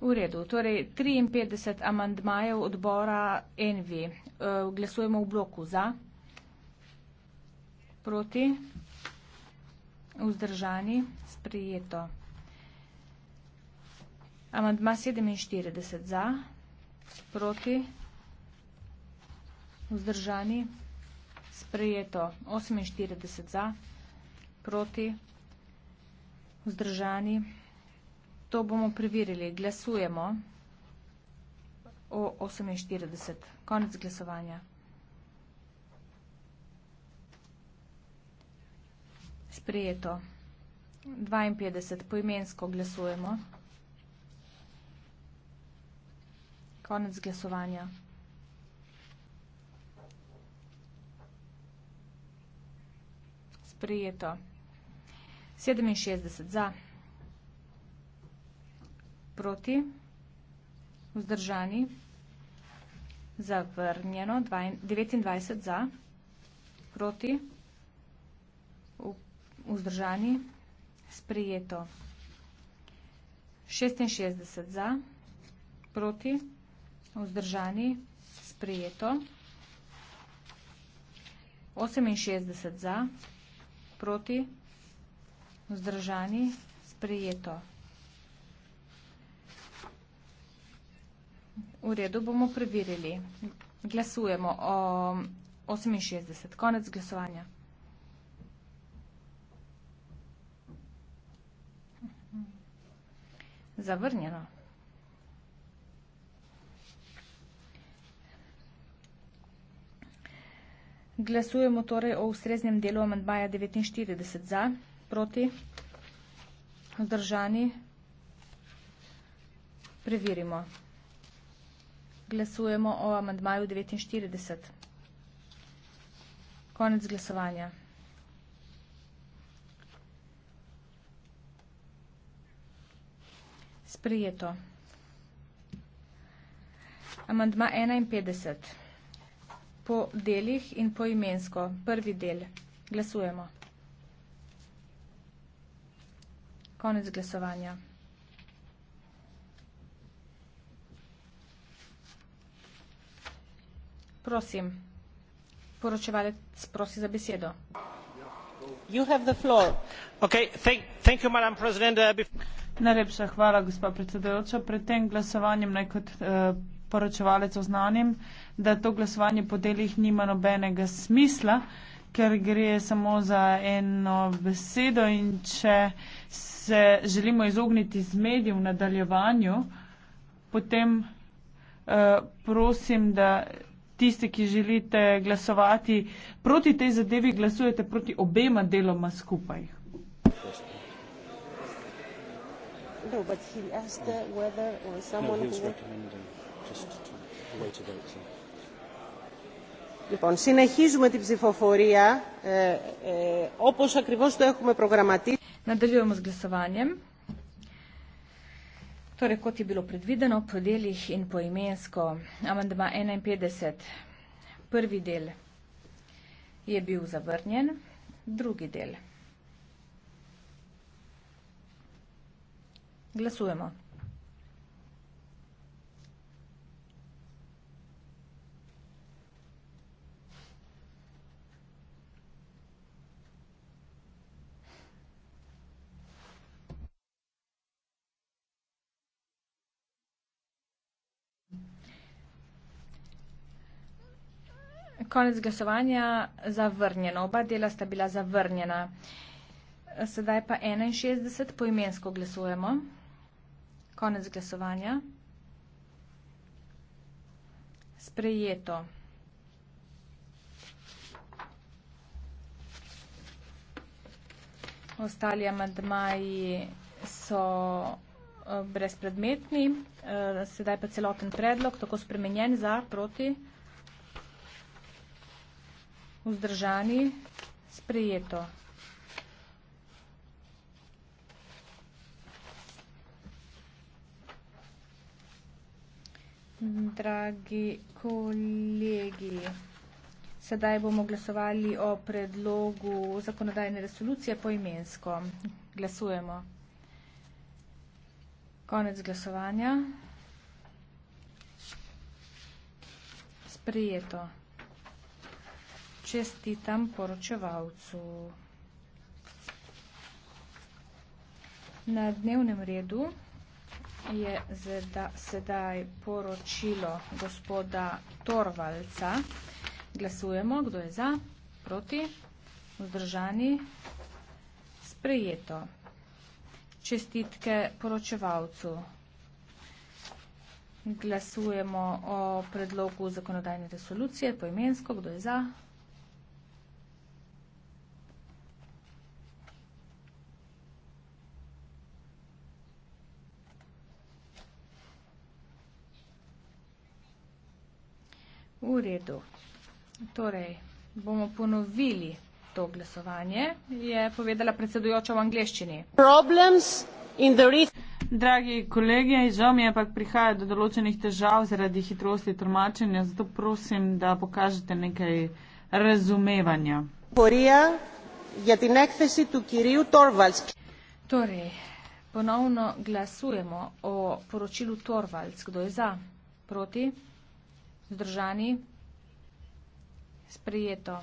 V redu, torej 53 amandmajev odbora NV. Eh, glasujemo v bloku za, proti, vzdržani, sprijeto. Amandma 47 za, proti, vzdržani, sprijeto sprejeto 48 za, proti, vzdržani. To bomo preverili. Glasujemo o 48. Konec glasovanja. Sprejeto. 52. Poimensko glasujemo. Konec glasovanja. sprejeto. 67 za, proti, vzdržani, zavrnjeno, 29 za, proti, vzdržani, sprejeto. 66 za, proti, vzdržani, sprejeto. 68 za, proti, vzdržani, sprejeto proti? Vzdržani? Sprejeto. V redu bomo preverili. Glasujemo o 68. Konec glasovanja. Zavrnjeno. Glasujemo torej o ustreznem delu amantbaja 49 za, proti, vzdržani, preverimo. Glasujemo o amantbaju 49. Konec glasovanja. Sprijeto. Amantba 51. Amantba 51 po delih in po imensko. Prvi del. Glasujemo. Konec glasovanja. Prosim. Poročevalec prosi za besedo. Uh, Najlepša hvala, gospod predsedujoča. Pred tem glasovanjem naj kot uh, poročevalec oznanim, da to glasovanje po delih nima nobenega smisla, ker gre samo za eno besedo in če se želimo izogniti z medijem v nadaljevanju, potem eh, prosim, da tisti, ki želite glasovati proti tej zadevi, glasujete proti obema deloma skupaj. No, but he asked uh, whether or uh, someone no, he was who... recommending just to wait a vote. Λοιπόν, συνεχίζουμε την ψηφοφορία ε, ε, όπως ακριβώς το έχουμε προγραμματίσει. Να τελειώμε με γλυσοβάνιε. Torej, kot je bilo predvideno, po delih in po imensko, amandma 51, prvi del je bil zavrnjen, drugi del. Glasujemo. konec glasovanja zavrnjeno. Oba dela sta bila zavrnjena. Sedaj pa 61 poimensko glasujemo. Konec glasovanja. Sprejeto. Ostali amandmaji so eh, brezpredmetni. Eh, sedaj pa celoten predlog, tako spremenjen za, proti. Vzdržani? Sprejeto. Dragi kolegi, sedaj bomo glasovali o predlogu zakonodajne resolucije po imensko. Glasujemo. Konec glasovanja. Sprejeto. Sprejeto čestitam poročevalcu. Na dnevnem redu je sedaj poročilo gospoda Torvalca. Glasujemo, kdo je za, proti, vzdržani, sprejeto. Čestitke poročevalcu. Glasujemo o predlogu zakonodajne resolucije, poimensko, kdo je za, V redu. Torej, bomo ponovili to glasovanje, je povedala predsedujoča v angleščini. Dragi kolegi, žal mi je, ampak prihaja do določenih težav zaradi hitrosti tolmačenja, zato prosim, da pokažete nekaj razumevanja. Torej, ponovno glasujemo o poročilu Torvalds. Kdo je za? Proti? Zdržani? Sprejeto.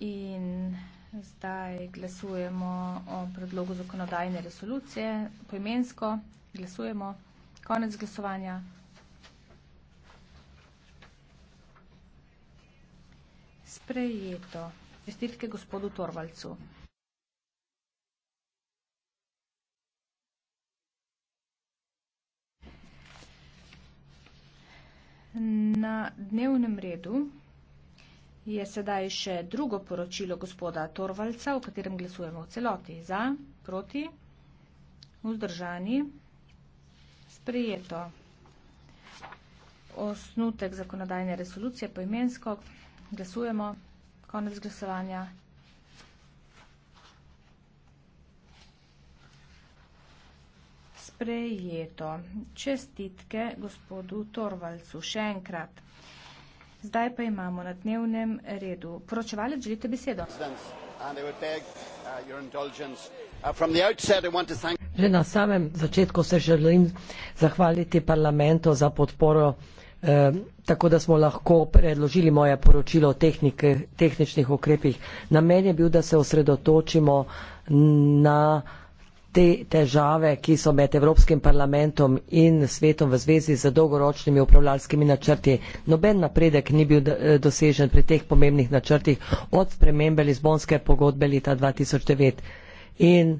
In zdaj glasujemo o predlogu zakonodajne resolucije. Poimensko glasujemo. Konec glasovanja. Sprejeto. Čestitke gospodu Torvalcu. Na dnevnem redu je sedaj še drugo poročilo gospoda Torvalca, v katerem glasujemo v celoti za, proti, vzdržani, sprejeto. Osnutek zakonodajne resolucije poimensko glasujemo, konec glasovanja. sprejeto. Čestitke gospodu Torvalcu še enkrat. Zdaj pa imamo na dnevnem redu. Poročevalec, želite besedo? Že na samem začetku se želim zahvaliti parlamentu za podporo, eh, tako da smo lahko predložili moje poročilo o tehnike, tehničnih ukrepih. Namen je bil, da se osredotočimo na te težave, ki so med Evropskim parlamentom in svetom v zvezi z dolgoročnimi upravljalskimi načrti. Noben napredek ni bil eh, dosežen pri teh pomembnih načrtih od spremembe Lizbonske pogodbe leta 2009. In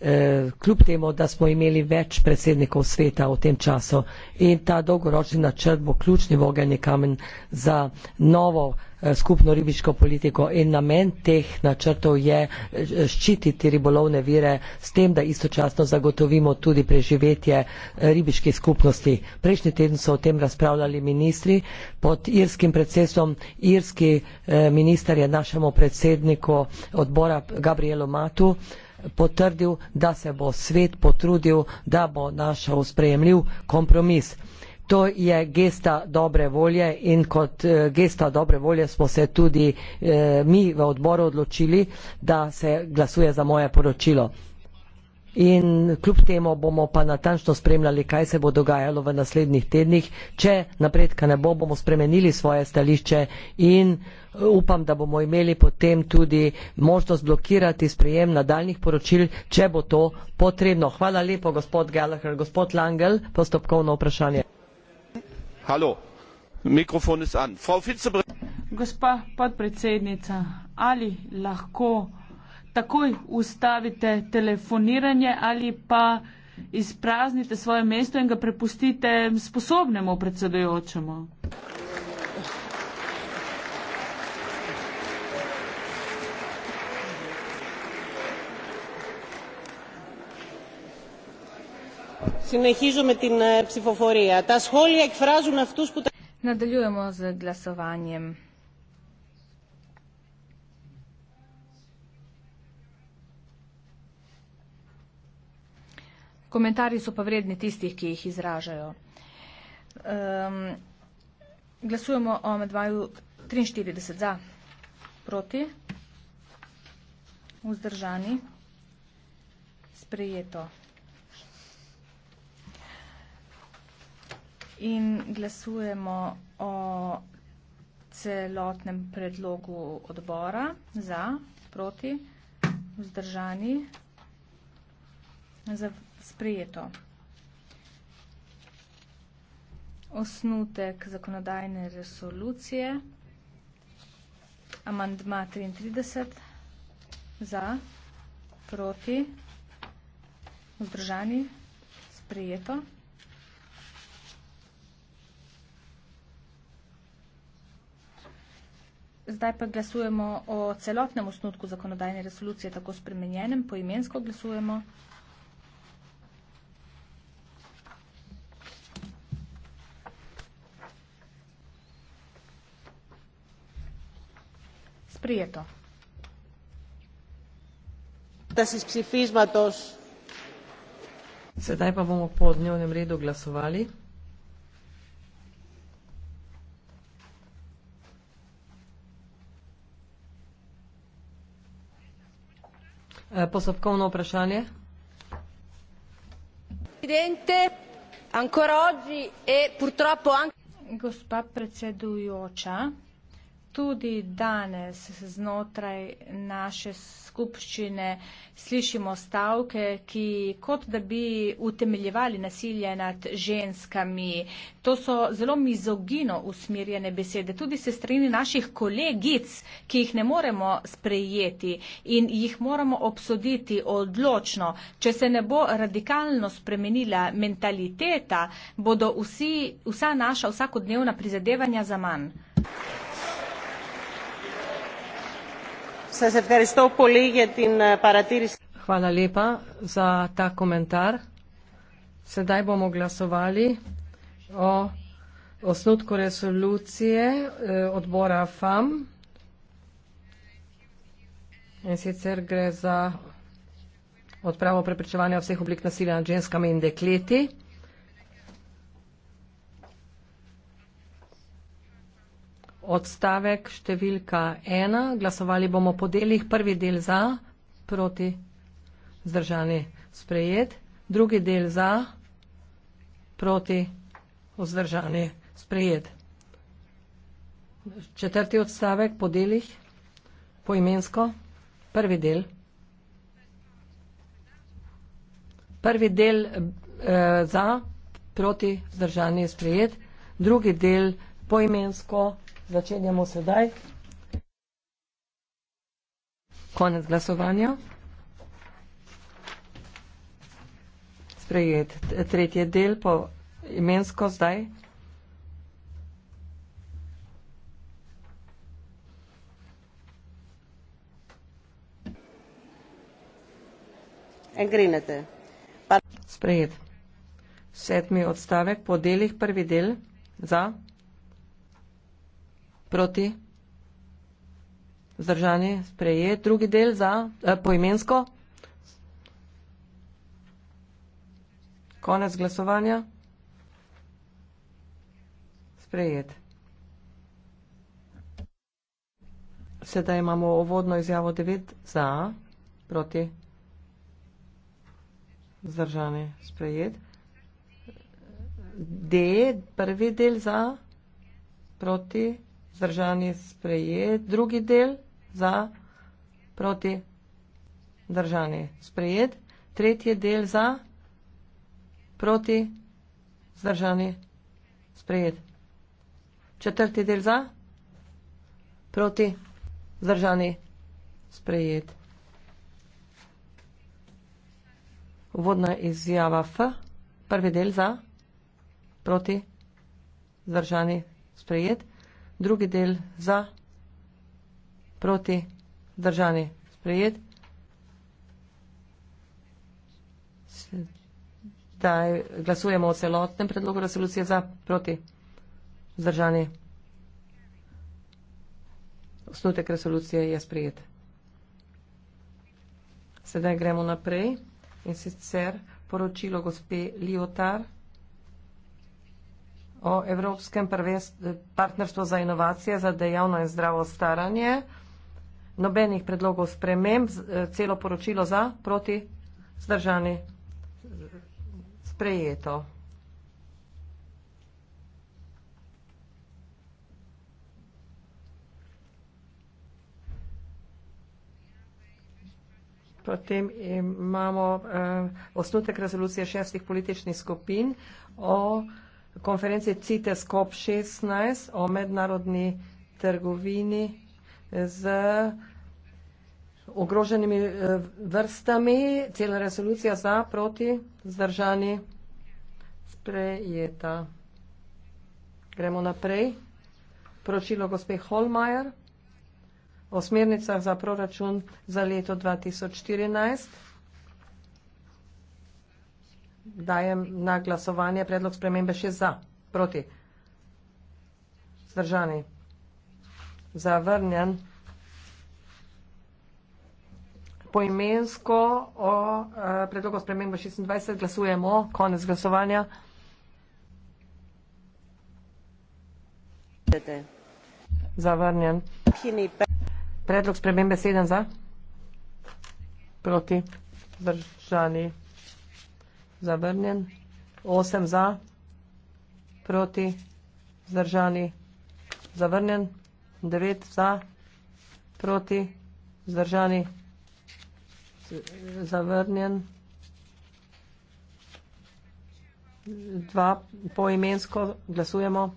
Eh, kljub temu, da smo imeli več predsednikov sveta v tem času in ta dolgoročni načrt bo ključni vogalni kamen za novo eh, skupno ribiško politiko in namen teh načrtov je eh, ščititi ribolovne vire s tem, da istočasno zagotovimo tudi preživetje ribiških skupnosti. Prejšnji teden so o tem razpravljali ministri pod irskim predsedstvom. Irski minister je našemu predsedniku odbora Gabrielu Matu potrdil, da se bo svet potrudil, da bo našel sprejemljiv kompromis. To je gesta dobre volje in kot eh, gesta dobre volje smo se tudi eh, mi v odboru odločili, da se glasuje za moje poročilo in kljub temu bomo pa natančno spremljali, kaj se bo dogajalo v naslednjih tednih. Če napredka ne bo, bomo spremenili svoje stališče in uh, upam, da bomo imeli potem tudi možnost blokirati sprejem nadaljnih poročil, če bo to potrebno. Hvala lepo, gospod Gallagher. Gospod Langel, postopkovno vprašanje. Halo. Mikrofon je an. Gospa podpredsednica, ali lahko takoj ustavite telefoniranje ali pa izpraznite svoje mesto in ga prepustite sposobnemu predsedujočemu. Nadaljujemo z glasovanjem. komentarji so pa vredni tistih, ki jih izražajo. Um, glasujemo o medvaju 43 za, proti, vzdržani, sprejeto. In glasujemo o celotnem predlogu odbora za, proti, vzdržani, za, sprejeto. Osnutek zakonodajne resolucije, amandma 33, za, proti, vzdržani, sprejeto. Zdaj pa glasujemo o celotnem osnutku zakonodajne resolucije, tako spremenjenem, poimensko glasujemo. Prijeto. Sedaj pa bomo po dnevnem redu glasovali. E, Posobkovno vprašanje. E Gospa predsedujoča, tudi danes znotraj naše skupščine slišimo stavke, ki kot da bi utemeljevali nasilje nad ženskami. To so zelo mizogino usmirjene besede, tudi se strani naših kolegic, ki jih ne moremo sprejeti in jih moramo obsoditi odločno. Če se ne bo radikalno spremenila mentaliteta, bodo vsi, vsa naša vsakodnevna prizadevanja za manj. Σας ευχαριστώ πολύ για την παρατήρηση. Χαλά λίπα για τα κομμεντάρ. Σε δάει πόμο γλασοβάλι ο οσνούτκο ρεσολούτσιε οτμπόρα ΦΑΜ. Εσύ τσέρ γκρέζα Odpravo preprečevanja vseh oblik nasilja nad ženskami in dekleti. odstavek številka ena, glasovali bomo po delih, prvi del za, proti, vzdržani, sprejet, drugi del za, proti, vzdržani, sprejet. Četrti odstavek po delih, poimensko, prvi del. Prvi del, eh, za, proti, vzdržani, sprejet, drugi del poimensko Začenjamo sedaj. Konec glasovanja. Sprejet. Tretji del po imensko zdaj. Engrinete. Pa... Sprejet. Sedmi odstavek po delih prvi del za proti zdržani sprejet. Drugi del za eh, poimensko. Konec glasovanja. Sprejet. Sedaj imamo uvodno izjavo 9 za, proti zdržani sprejet. D, prvi del za, proti zdržani sprejet. Zdržan je sprejet, drugi del za, proti, zdržan je sprejet, tretji del za, proti, zdržan je sprejet, četrti del za, proti, zdržan je sprejet. Uvodna izjava F, prvi del za, proti, zdržan je sprejet, četrti del za, proti, zdržan je sprejet drugi del za, proti, držani, sprejet. Zdaj glasujemo o celotnem predlogu resolucije za, proti, držani. Osnutek resolucije je sprejet. Sedaj gremo naprej in sicer poročilo gospe Liotar o Evropskem partnerstvu za inovacije za dejavno in zdravo staranje. Nobenih predlogov sprememb, eh, celo poročilo za, proti, zdržani, sprejeto. Potem imamo eh, osnutek rezolucije šestih političnih skupin o vzpostavitvi konference CITES COP16 o mednarodni trgovini z ogroženimi eh, vrstami. Cela resolucija za, proti, zdržani, sprejeta. Gremo naprej. Poročilo gospe Holmeier o smernicah za proračun za leto 2014 dajem na glasovanje predlog spremembe še za, proti, zdržani, zavrnjen. Poimensko o eh, predlogu spremembe 26 glasujemo, konec glasovanja. Zavrnjen. Predlog spremembe 7 za, proti, zdržani zavrnjen, 8 za, proti, zdržani, zavrnjen, 9 za, proti, zdržani, zavrnjen, 2 poimensko glasujemo,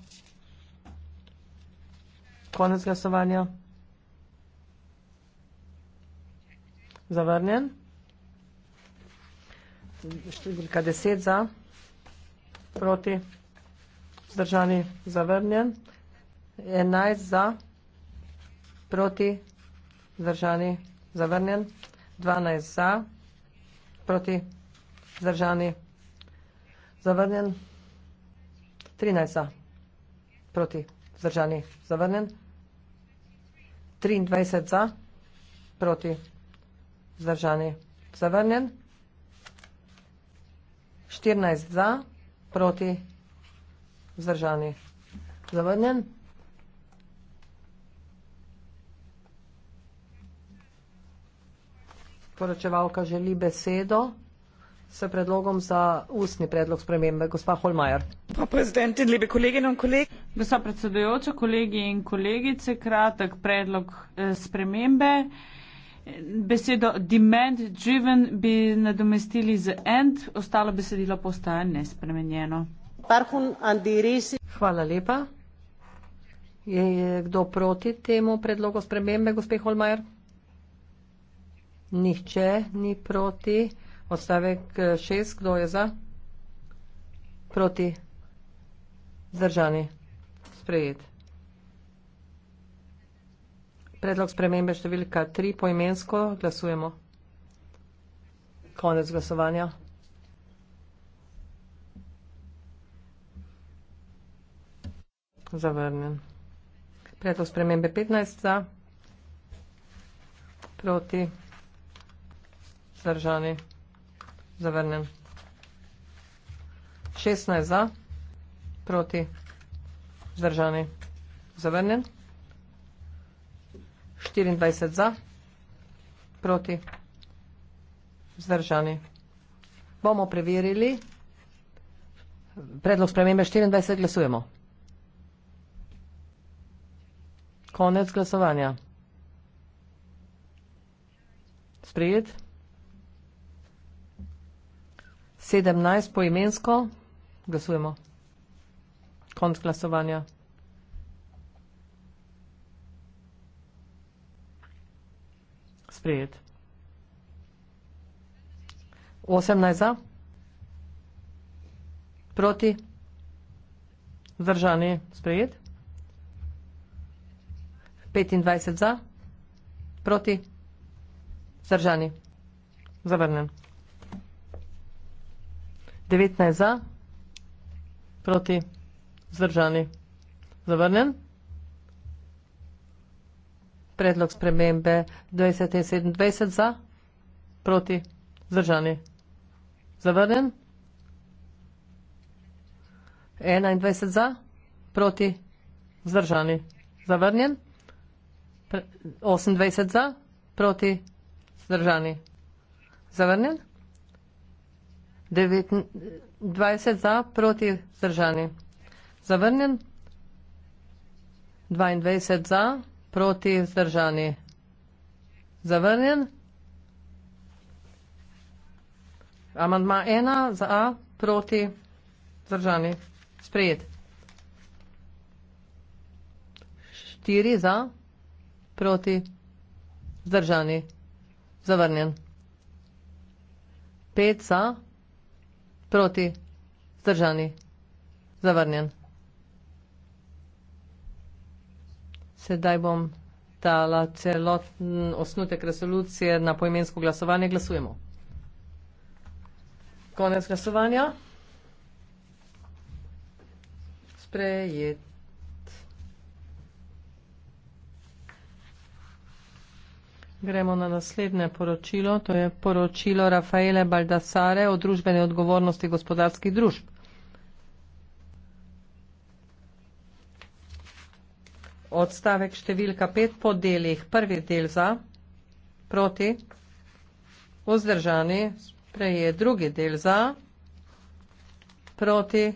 konec glasovanja, zavrnjen, zavrnjen, številka deset za, proti, zdržani, zavrnjen, enajst za, proti, zdržani, zavrnjen, dvanajst za, proti, zdržani, zavrnjen, trinajst za, proti, zdržani, zavrnjen, triindvajset za, proti, zdržani, zavrnjen. 14 za, proti vzdržani. Zavrnjen. Poročevalka želi besedo s predlogom za ustni predlog spremembe. Gospa Holmajer. Pa prezident in lebe kolegin in kolegi. Gospa predsedujoča, kolegi in kolegice, kratek predlog eh, spremembe besedo demand driven bi nadomestili z end, ostalo besedilo pa ostaja nespremenjeno. Hvala lepa. Je, je kdo proti temu predlogu spremembe, gospe Holmajer? Nihče ni proti. Odstavek eh, šest, kdo je za? Proti. Zdržani. Sprejet. Predlog spremembe številka 3 poimensko glasujemo. Konec glasovanja. Zavrnjen. Predlog spremembe 15. Proti. Zdržani. Zavrnjen. 16 za. Proti. Zdržani. Zavrnjen. 24 za, proti, vzdržani. Bomo preverili. Predlog spremembe 24 glasujemo. Konec glasovanja. Sprejet. 17 poimensko. Glasujemo. Konc glasovanja. sprejet. 18 za, proti, zdržani sprejet. 25 za, proti, zdržani, zavrnen. 19 za, proti, zdržani, zavrnen predlog spremembe 20 in 27 za, proti, zdržani. Zavrnen. 21 za, proti, zdržani. Zavrnjen. 28 za, proti, zdržani. Zavrnjen. 29 za, proti, zdržani. Zavrnjen. 22 za, Proti vzdržani. Zavrnjen. Amandma ena za A, proti vzdržani. Sprejet. Štiri za, proti vzdržani. Zavrnjen. Pet za, proti vzdržani. Zavrnjen. Sedaj bom dala celoten osnutek resolucije na poimensko glasovanje. Glasujemo. Konec glasovanja. Sprejet. Gremo na naslednje poročilo. To je poročilo Rafaele Baldassare o družbeni odgovornosti gospodarskih družb. odstavek številka 5 po delih, prvi del za, proti, vzdržani, sprejet, drugi del za, proti,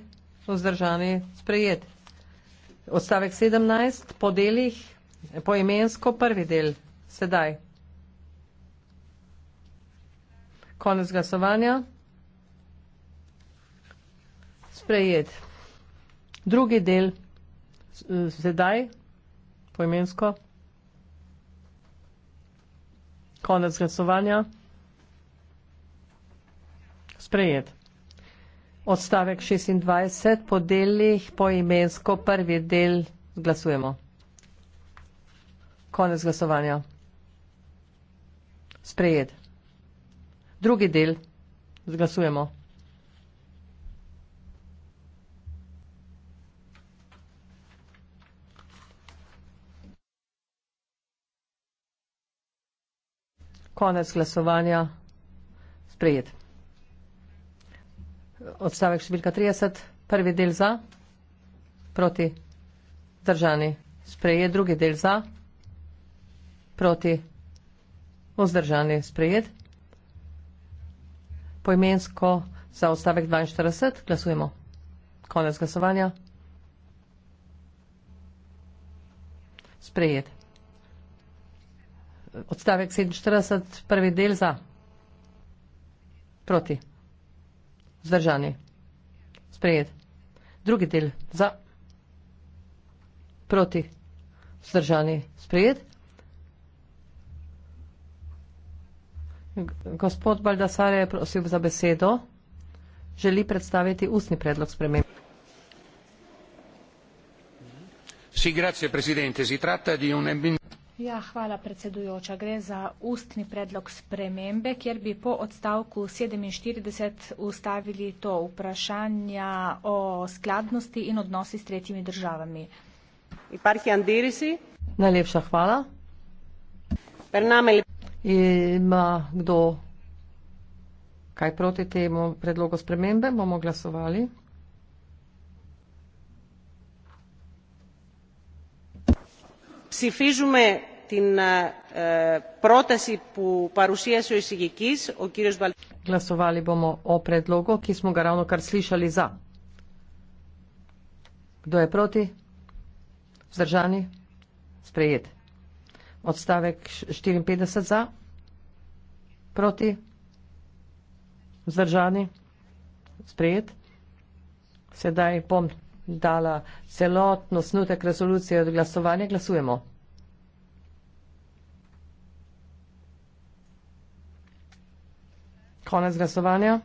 vzdržani, sprejet. Odstavek 17 po delih, poimensko, prvi del, sedaj. Konec glasovanja. Sprejet. Drugi del, sedaj, poimensko. Konec glasovanja. Sprejet. Odstavek 26 po delih poimensko prvi del glasujemo. Konec glasovanja. Sprejet. Drugi del glasujemo. konec glasovanja sprejet. Odstavek številka 30, prvi del za, proti držani sprejet, drugi del za, proti vzdržani sprejet. Poimensko za odstavek 42 glasujemo. Konec glasovanja. Sprejet odstavek sedeminštirideset, prvi del za. Proti. Zdržani. Sprejet. Drugi del za. Proti. Zdržani. Sprejet. Gospod Baldasare je prosil za besedo. Želi predstaviti ustni predlog spremembe. Sì, grazie Presidente. Si tratta di un... Ja, hvala predsedujoča. Gre za ustni predlog spremembe, kjer bi po odstavku 47 ustavili to vprašanje o skladnosti in odnosi s tretjimi državami. Najlepša hvala. Ima kdo kaj proti temu predlogu spremembe? Bomo glasovali. ψηφίζουμε την πρόταση που παρουσίασε ο εισηγητής, ο κύριος Βαλ... Γλασοβάλι πόμο ο πρέτλογο και σμου γαράνο καρσλίσαλι ζα. Κδο ε πρώτη, σδερζάνι, σπρέιετ. Отставек 54 за, проти, задържани, сприят. Седай, помни dala celotno snutek rezolucije od glasovanja. Glasujemo. Konec glasovanja.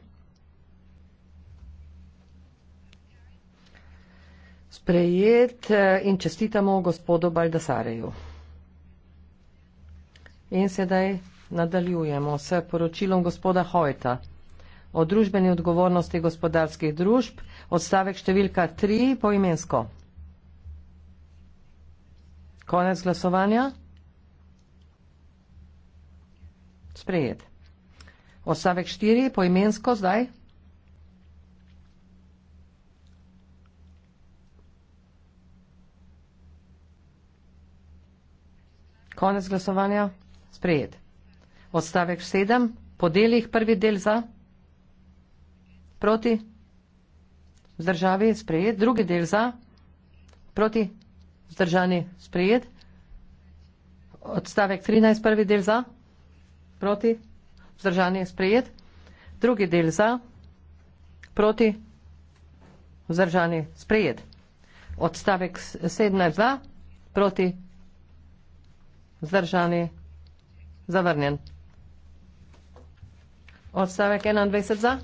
Sprejet eh, in čestitamo gospodu Baldasareju. In sedaj nadaljujemo s poročilom gospoda Hojta o družbeni odgovornosti gospodarskih družb, odstavek številka 3 poimensko. Konec glasovanja. Sprejet. Odstavek 4 poimensko zdaj. Konec glasovanja. Sprejet. Odstavek 7. Podelih prvi del za proti, vzdržavi, sprejet, drugi del za, proti, vzdržani, sprejet, odstavek 13, prvi del za, proti, vzdržani, sprejet, drugi del za, proti, vzdržani, sprejet, odstavek 17 za, proti, vzdržani, zavrnjen. Odstavek 21 za.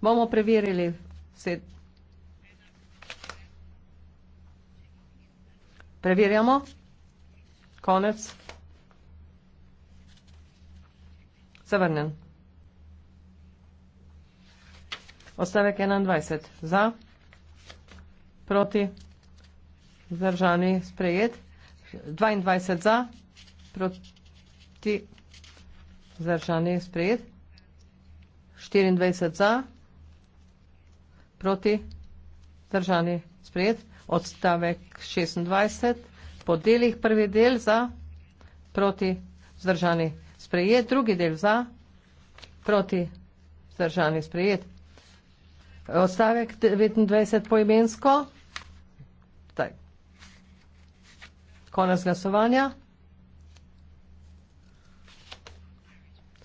Bomo preverili. Sed... Preverjamo. Konec. Zavrnen. Ostavek 21. Za. Proti. Zdržani sprejet. 22 za. Proti. Zdržani sprejet. 24 za. Proti? Zdržani sprejet. Odstavek 26. Po delih prvi del za. Proti? Zdržani sprejet. Drugi del za. Proti? Zdržani sprejet. Odstavek 29 po imensko. Konec glasovanja.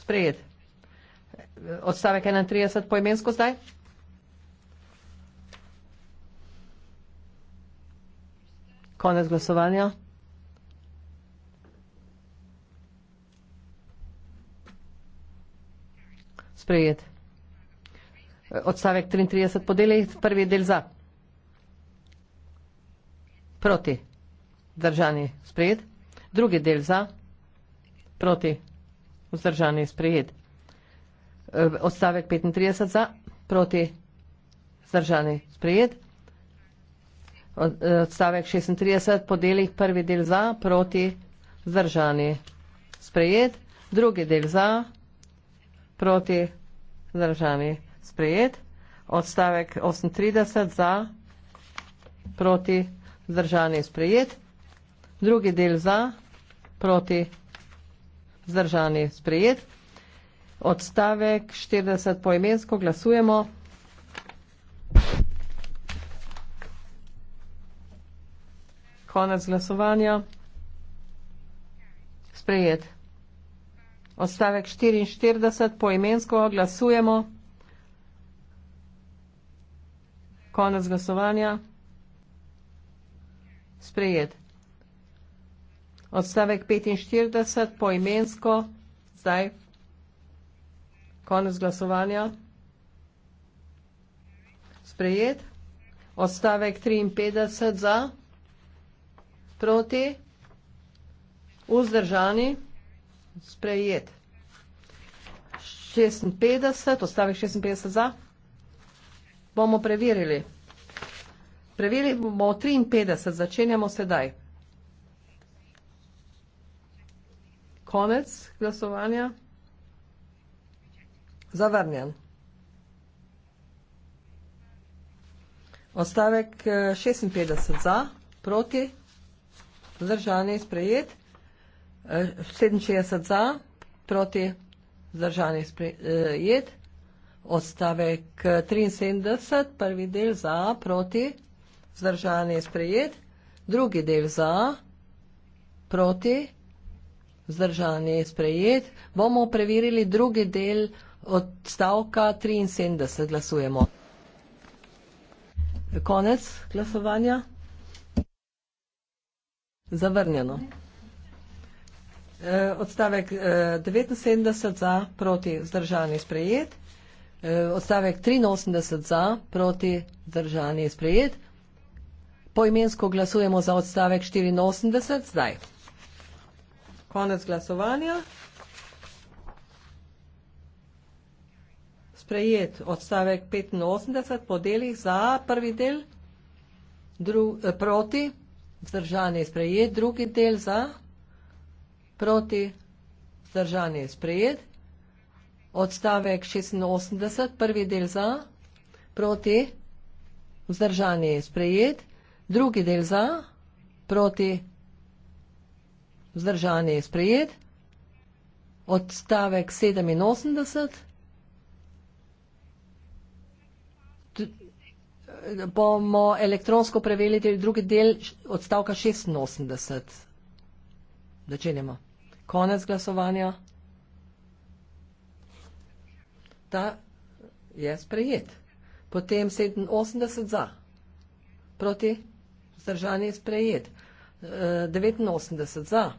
Sprejet. Odstavek 31 po imensko zdaj. Zdaj. Konec glasovanja. Sprejet. Odstavek 33 podelej, prvi del za. Proti. Vzdržani. Sprejet. Drugi del za. Proti. Vzdržani. Sprejet. Odstavek 35 za. Proti. Vzdržani. Sprejet. Eh, odstavek 36, po delih prvi del za, proti, zdržani. Sprejet, drugi del za, proti, zdržani. Sprejet, odstavek 38 za, proti, zdržani. Sprejet, drugi del za, proti, zdržani. Sprejet, odstavek 40 poimensko glasujemo. Konec glasovanja. Sprejet. Odstavek 44, poimensko glasujemo. Konec glasovanja. Sprejet. Odstavek 45, poimensko. Zdaj. Konec glasovanja. Sprejet. Odstavek 53 za proti, vzdržani, sprejet. 56, ostavek 56 za. Bomo preverili. Preverili bomo 53, začenjamo sedaj. Konec glasovanja. Zavrnjen. Ostavek 56 eh, za, proti. Zdržan je sprejet. 67 za, proti zdržan je sprejet. Odstavek 73, prvi del za, proti zdržan je sprejet. Drugi del za, proti zdržan je sprejet. Bomo preverili drugi del odstavka 73. Glasujemo. Konec glasovanja. Zavrnjeno. Eh, odstavek 79 eh, za, proti zdržani sprejet. Eh, odstavek 83 za, proti zdržani sprejet. Poimensko glasujemo za odstavek 84 zdaj. Konec glasovanja. Sprejet odstavek 85 po delih za prvi del, drug, proti vzdržan je sprejet, drugi del za, proti, vzdržan je sprejet, odstavek 86, prvi del za, proti, vzdržan je sprejet, drugi del za, proti, vzdržan je sprejet, odstavek 87, bomo elektronsko preveli tudi drugi del odstavka 86. Začenjamo. Konec glasovanja. Ta je sprejet. Potem 87 za. Proti. Zdržanje je sprejet. 89 eh, za.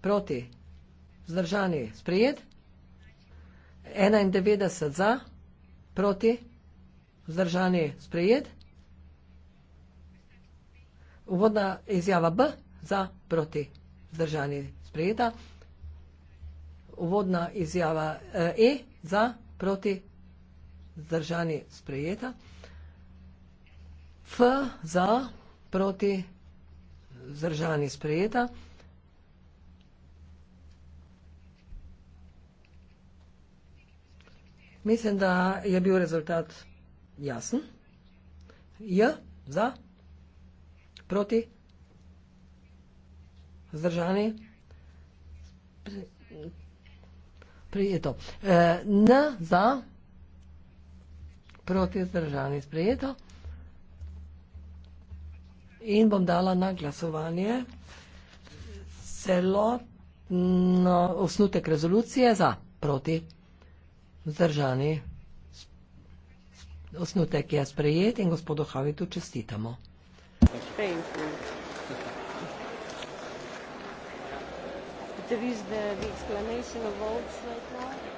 Proti. Zdržanje je sprejet. 91 za. Proti vzdržanje sprejet. Uvodna izjava B za proti vzdržanje sprejeta. Uvodna izjava eh, E za proti vzdržanje sprejeta. F za proti vzdržanje sprejeta. Mislim, da je bil rezultat jasen, j za proti zdržani prijeto, e, n za proti zdržani sprijeto in bom dala na glasovanje celotno osnutek rezolucije za proti zdržani prijeto. Osnutek je sprejet in gospodu Havitu čestitamo. There is the, the exclamation of votes right now.